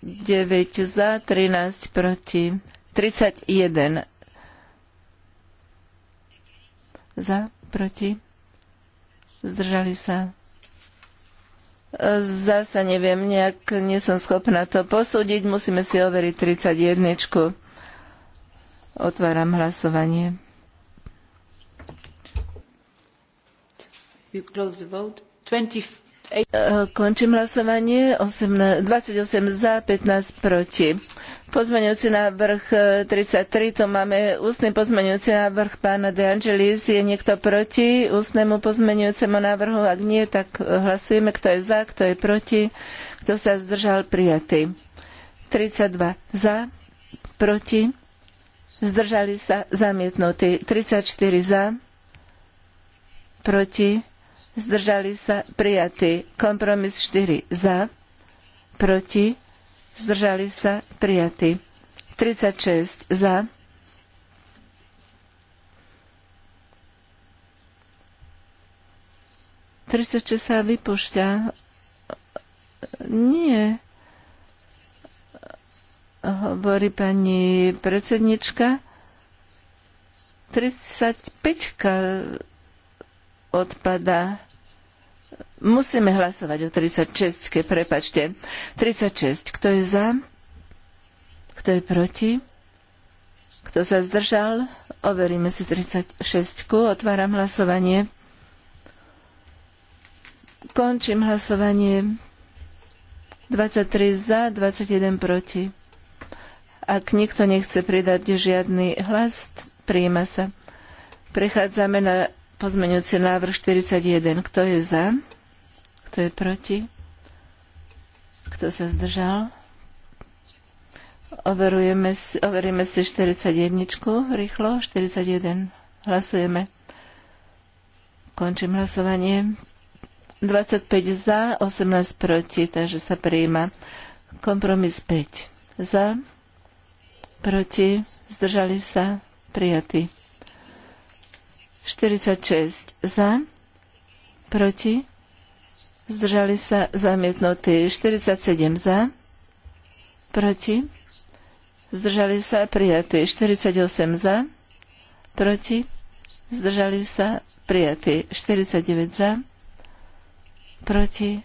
za, 13 proti, 31 za, proti, zdržali sa Zasa neviem, nejak nie som schopná to posúdiť. Musíme si overiť 31. Otváram hlasovanie. close the vote. 20... Končím hlasovanie. 28 za, 15 proti. Pozmeňujúci návrh 33, e, tu máme ústny pozmeňujúci návrh pána De Angelis. Je niekto proti ústnemu pozmeňujúcemu návrhu? Ak nie, tak hlasujeme, kto je za, kto je proti, kto sa zdržal prijatý. 32 za, proti, zdržali sa zamietnutí. 34 za, proti, zdržali sa prijatí. Kompromis 4 za, proti, zdržali sa prijatí. 36 za, Tridsaťšesť sa vypušťa. Nie, hovorí pani predsednička. 35 odpada. Musíme hlasovať o 36, prepačte. 36, kto je za? Kto je proti? Kto sa zdržal? Overíme si 36. Otváram hlasovanie. Končím hlasovanie. 23 za, 21 proti. Ak nikto nechce pridať žiadny hlas, prijíma sa. Prechádzame na Pozmeňujúci návrh 41. Kto je za? Kto je proti? Kto sa zdržal? Overujeme si, overíme si 41. Rýchlo. 41. Hlasujeme. Končím hlasovanie. 25 za, 18 proti, takže sa prijíma. Kompromis 5. Za, proti, zdržali sa, prijatý. 46 za, proti, zdržali sa zamietnutí 47 za, proti, zdržali sa prijatí 48 za, proti, zdržali sa prijatí 49 za, proti,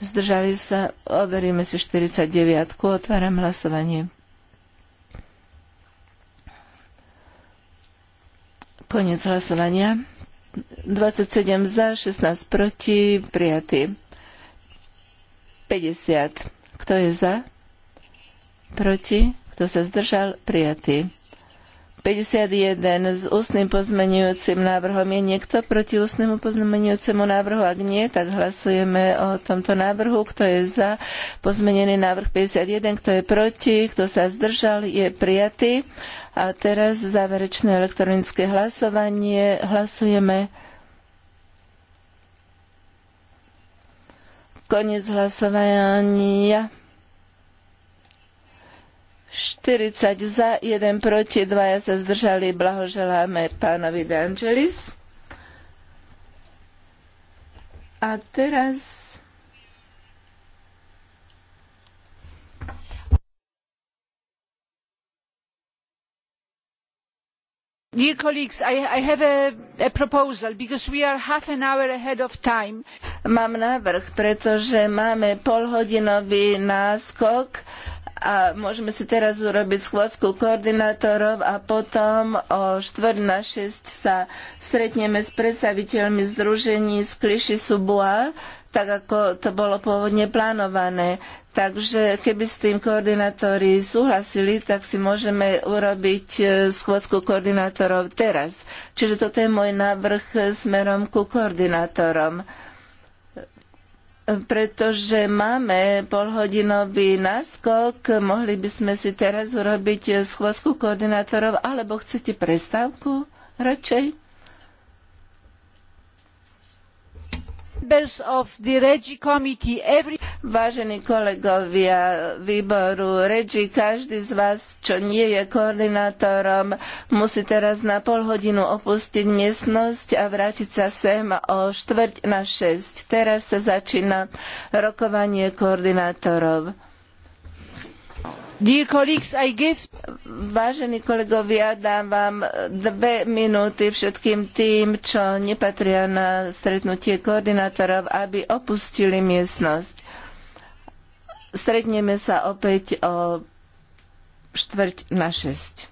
zdržali sa, overíme si 49, otváram hlasovanie. Koniec hlasovania. 27 za, 16 proti, prijatý. 50. Kto je za? Proti? Kto sa zdržal? Prijatý. 51 s ústnym pozmenujúcim návrhom. Je niekto proti ústnemu pozmenujúcemu návrhu? Ak nie, tak hlasujeme o tomto návrhu. Kto je za pozmenený návrh 51? Kto je proti? Kto sa zdržal? Je prijatý. A teraz záverečné elektronické hlasovanie. Hlasujeme. Koniec hlasovania. 40 za, 1 proti, 2 sa zdržali. Blahoželáme pánovi De Angelis. A teraz Dear colleagues, I, I have a, a proposal because we are half an hour ahead of time. Mám návrh, pretože máme polhodinový náskok a môžeme si teraz urobiť schôdzku koordinátorov a potom o štvrť na 6 sa stretneme s predstaviteľmi združení z Kliši Subua, tak ako to bolo pôvodne plánované. Takže keby s tým koordinátori súhlasili, tak si môžeme urobiť e, schôdzku koordinátorov teraz. Čiže toto je môj návrh smerom ku koordinátorom pretože máme polhodinový náskok, mohli by sme si teraz urobiť schôzku koordinátorov, alebo chcete prestávku radšej? Every... Vážení kolegovia výboru REGI, každý z vás, čo nie je koordinátorom, musí teraz na pol hodinu opustiť miestnosť a vrátiť sa sem o štvrť na šesť. Teraz sa začína rokovanie koordinátorov. Vážení kolegovia, dám vám dve minúty všetkým tým, čo nepatria na stretnutie koordinátorov, aby opustili miestnosť. Stretneme sa opäť o štvrť na šesť.